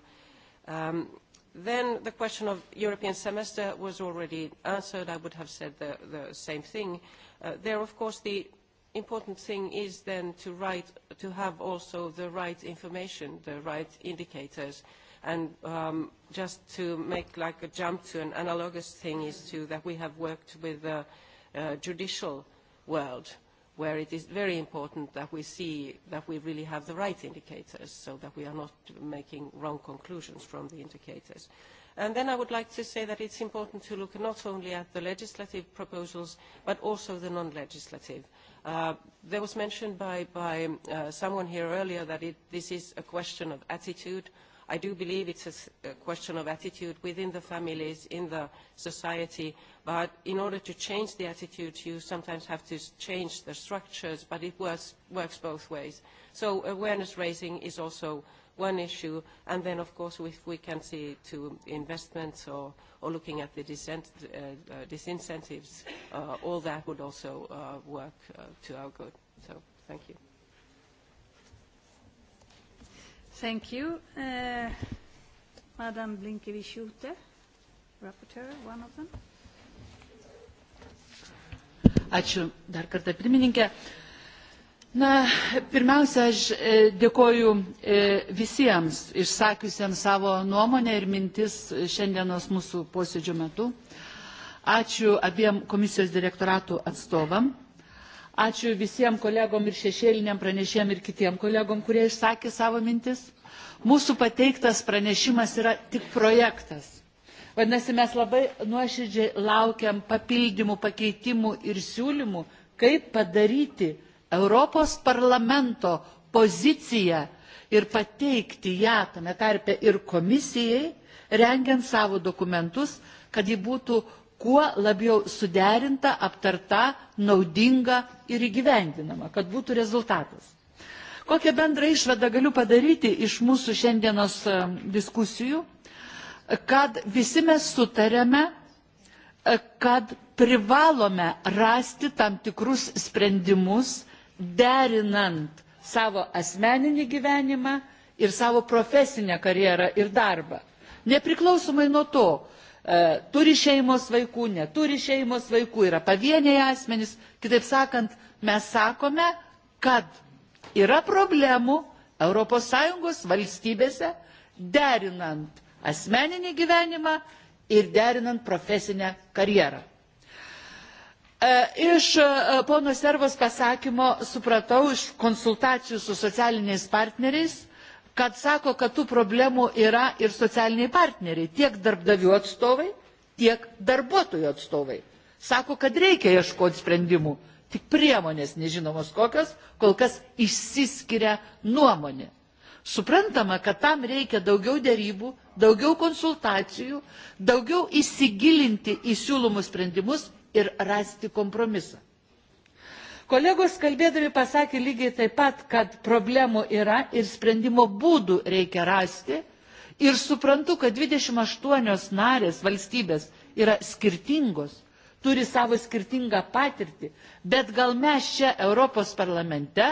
Um, then the question of European semester was already answered. I would have said the, the same thing. Uh, there, of course, the important thing is then to, write, to have also the right information, the right indicators, And um, just to make like a jump to an analogous thing is to that we have worked with the uh, judicial world where it is very important that we see that we really have the right indicators so that we are not making wrong conclusions from the indicators. And then I would like to say that it's important to look not only at the legislative proposals but also the non-legislative. Uh, there was mentioned by, by uh, someone here earlier that it, this is a question of attitude, i do believe it's a question of attitude within the families, in the society, but in order to change the attitude, you sometimes have to change the structures, but it works, works both ways. So awareness raising is also one issue, and then, of course, if we can see to investments or, or looking at the dissent, uh, uh, disincentives, uh, all that would also uh, work uh, to our good. So thank you. Thank you. Uh, Madam Blinkevich-Jute, rapporteur, one of them. Ačiū dar kartą pirmininkė. Na, pirmiausia, aš e, dėkoju e, visiems išsakiusiems savo nuomonę ir mintis šiandienos mūsų posėdžio metu. Ačiū abiem komisijos direktoratų atstovam ačiū visiems kolegom ir šešėliniam pranešim ir kitiems kolegom kurie išsakė savo mintis. mūsų pateiktas pranešimas yra tik projektas vadinasi mes labai nuoširdžiai laukiam papildymų pakeitimų ir siūlymų kaip padaryti europos parlamento poziciją ir pateikti ją tame tarpe ir komisijai rengiant savo dokumentus kad ji būtų kuo labiau suderinta, aptarta, naudinga ir įgyvendinama, kad būtų rezultatas. Kokią bendrą išvadą galiu padaryti iš mūsų šiandienos e, diskusijų, kad visi mes sutarėme, e, kad privalome rasti tam tikrus sprendimus, derinant savo asmeninį gyvenimą ir savo profesinę karjerą ir darbą. Nepriklausomai nuo to, E, turi šeimos vaikų neturi šeimos vaikų yra pavieniai asmenys kitaip sakant mes sakome kad yra problemų europos valstybėse derinant asmeninį gyvenimą ir derinant profesinę karjerą. E, iš e, pono Servos pasakymo supratau, iš konsultacijų su socialiniais partneriais, kad sako kad tų problemų yra ir socialiniai partneriai tiek darbdavių atstovai tiek darbuotojų atstovai sako kad reikia ieškoti sprendimų tik priemonės nežinomos kokios kol kas išsiskiria nuomonė suprantama kad tam reikia daugiau derybų daugiau konsultacijų daugiau įsigilinti į siūlomus sprendimus ir rasti kompromisą kolegos kalbėdami pasakė lygiai taip pat kad problemų yra ir sprendimo būdų reikia rasti ir suprantu kad dvidešimt aštuonios narės valstybės yra skirtingos turi savo skirtingą patirtį bet gal mes čia europos parlamente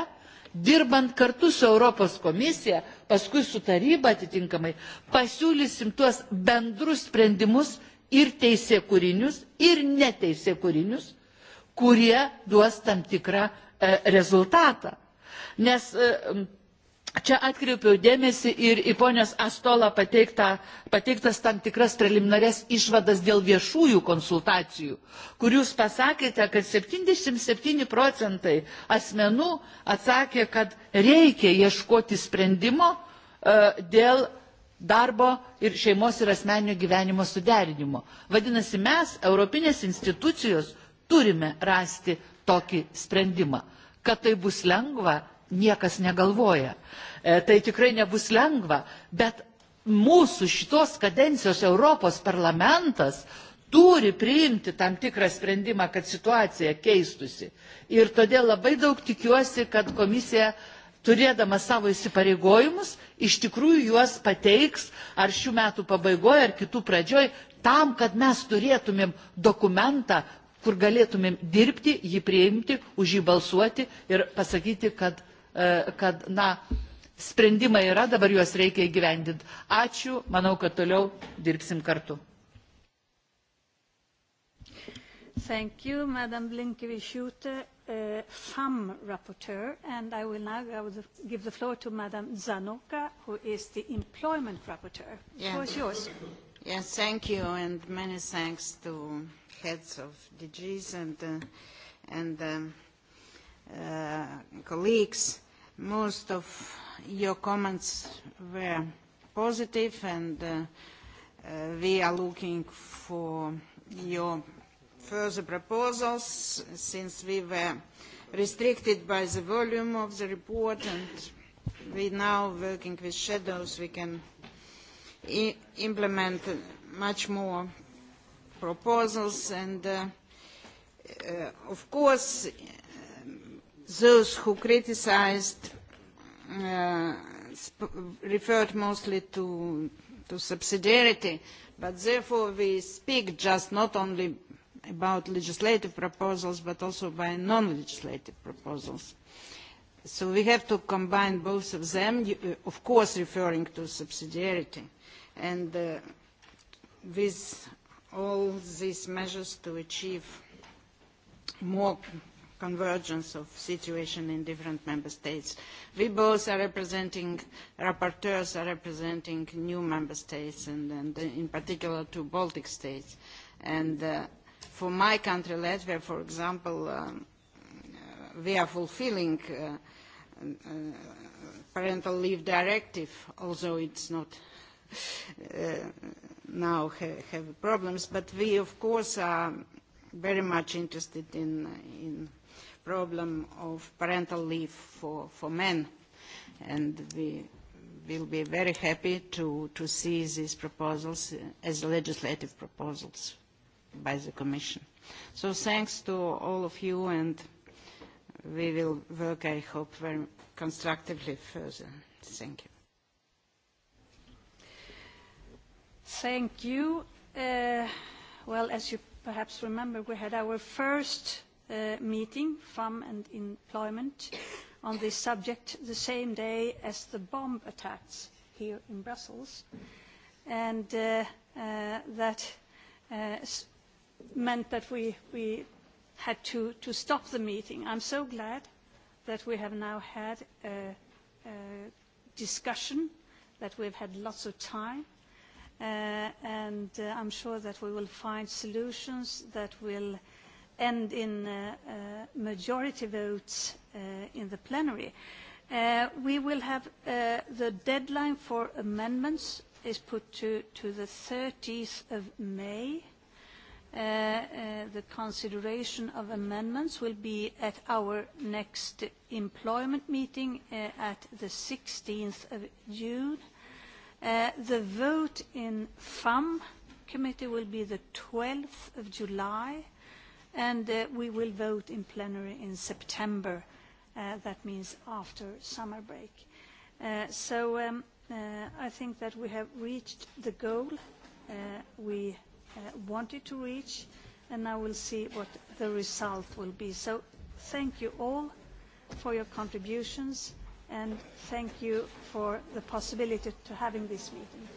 dirbant kartu su europos komisija paskui su taryba atitinkamai pasiūlysim tuos bendrus sprendimus ir teisėkūrinius ir neteisėkūrinius kurie duos tam tikrą e, rezultatą. Nes e, čia atkreipiau dėmesį ir į ponios Astola pateikta, pateiktas tam tikras preliminarias išvadas dėl viešųjų konsultacijų, kur jūs pasakėte, kad 77 procentai asmenų atsakė, kad reikia ieškoti sprendimo e, dėl darbo ir šeimos ir asmeninio gyvenimo suderinimo. Vadinasi, mes, Europinės institucijos, turime rasti tokį sprendimą kad tai bus lengva niekas negalvoja e, tai tikrai nebus lengva bet mūsų šitos kadencijos europos parlamentas turi priimti tam tikrą sprendimą kad situacija keistųsi ir todėl labai daug tikiuosi kad komisija turėdama savo įsipareigojimus iš tikrųjų juos pateiks ar šių metų pabaigoje, ar kitų pradžioj tam kad mes turėtumėm dokumentą kur galėtumėm dirbti, jį priimti, už jį balsuoti ir pasakyti, kad, e, kad na, sprendimai yra, dabar juos reikia įgyvendinti. Ačiū, manau, kad toliau dirbsim kartu. Thank you, Madam Blinkevičiūtė, uh, e, FAM rapporteur, and I will now give the floor to Madam Zanoka, who is the employment rapporteur. Yeah. The floor is yours. Yes, thank you, and many thanks to heads of DGs and, uh, and um, uh, colleagues. Most of your comments were positive, and uh, uh, we are looking for your further proposals since we were restricted by the volume of the report and we now working with shadows we can implement much more proposals and uh, uh, of course uh, those who criticised referred mostly to, to subsidiarity but therefore we speak just not only about legislative proposals but also by non legislative proposals. So we have to combine both of them, uh, of course referring to subsidiarity. And uh, with all these measures to achieve more convergence of situation in different member states. We both are representing, rapporteurs are representing new member states and, and in particular two Baltic states. And uh, for my country, Latvia, for example, um, we are fulfilling uh, Uh, parental leave directive, although it's not uh, now have problems, but we of course are very much interested in in problem of parental leave for for men and we will be very happy to to see these proposals uh, as legislative proposals by the commission so thanks to all of you and we will work, I hope, very constructively further. Thank you. Thank you. Uh, well, as you perhaps remember, we had our first uh, meeting, FAM and employment, on this subject the same day as the bomb attacks here in Brussels. And uh, uh that uh, meant that we, we had to, to stop the meeting. I'm so glad that we have now had a, discussion, that we've had lots of time, uh, and uh, I'm sure that we will find solutions that will end in uh, majority votes in the plenary. We will have the deadline for amendments is put to, to the 30th of May Uh, uh, the consideration of amendments will be at our next employment meeting uh, at the 16th of June. The vote in FAM committee will be the 12th of July, and we will vote in plenary in September. That means after summer break. So um, I think that we have reached the goal we Uh, wanted to reach, and now we'll see what the result will be. So thank you all for your contributions, and thank you for the possibility to having this meeting.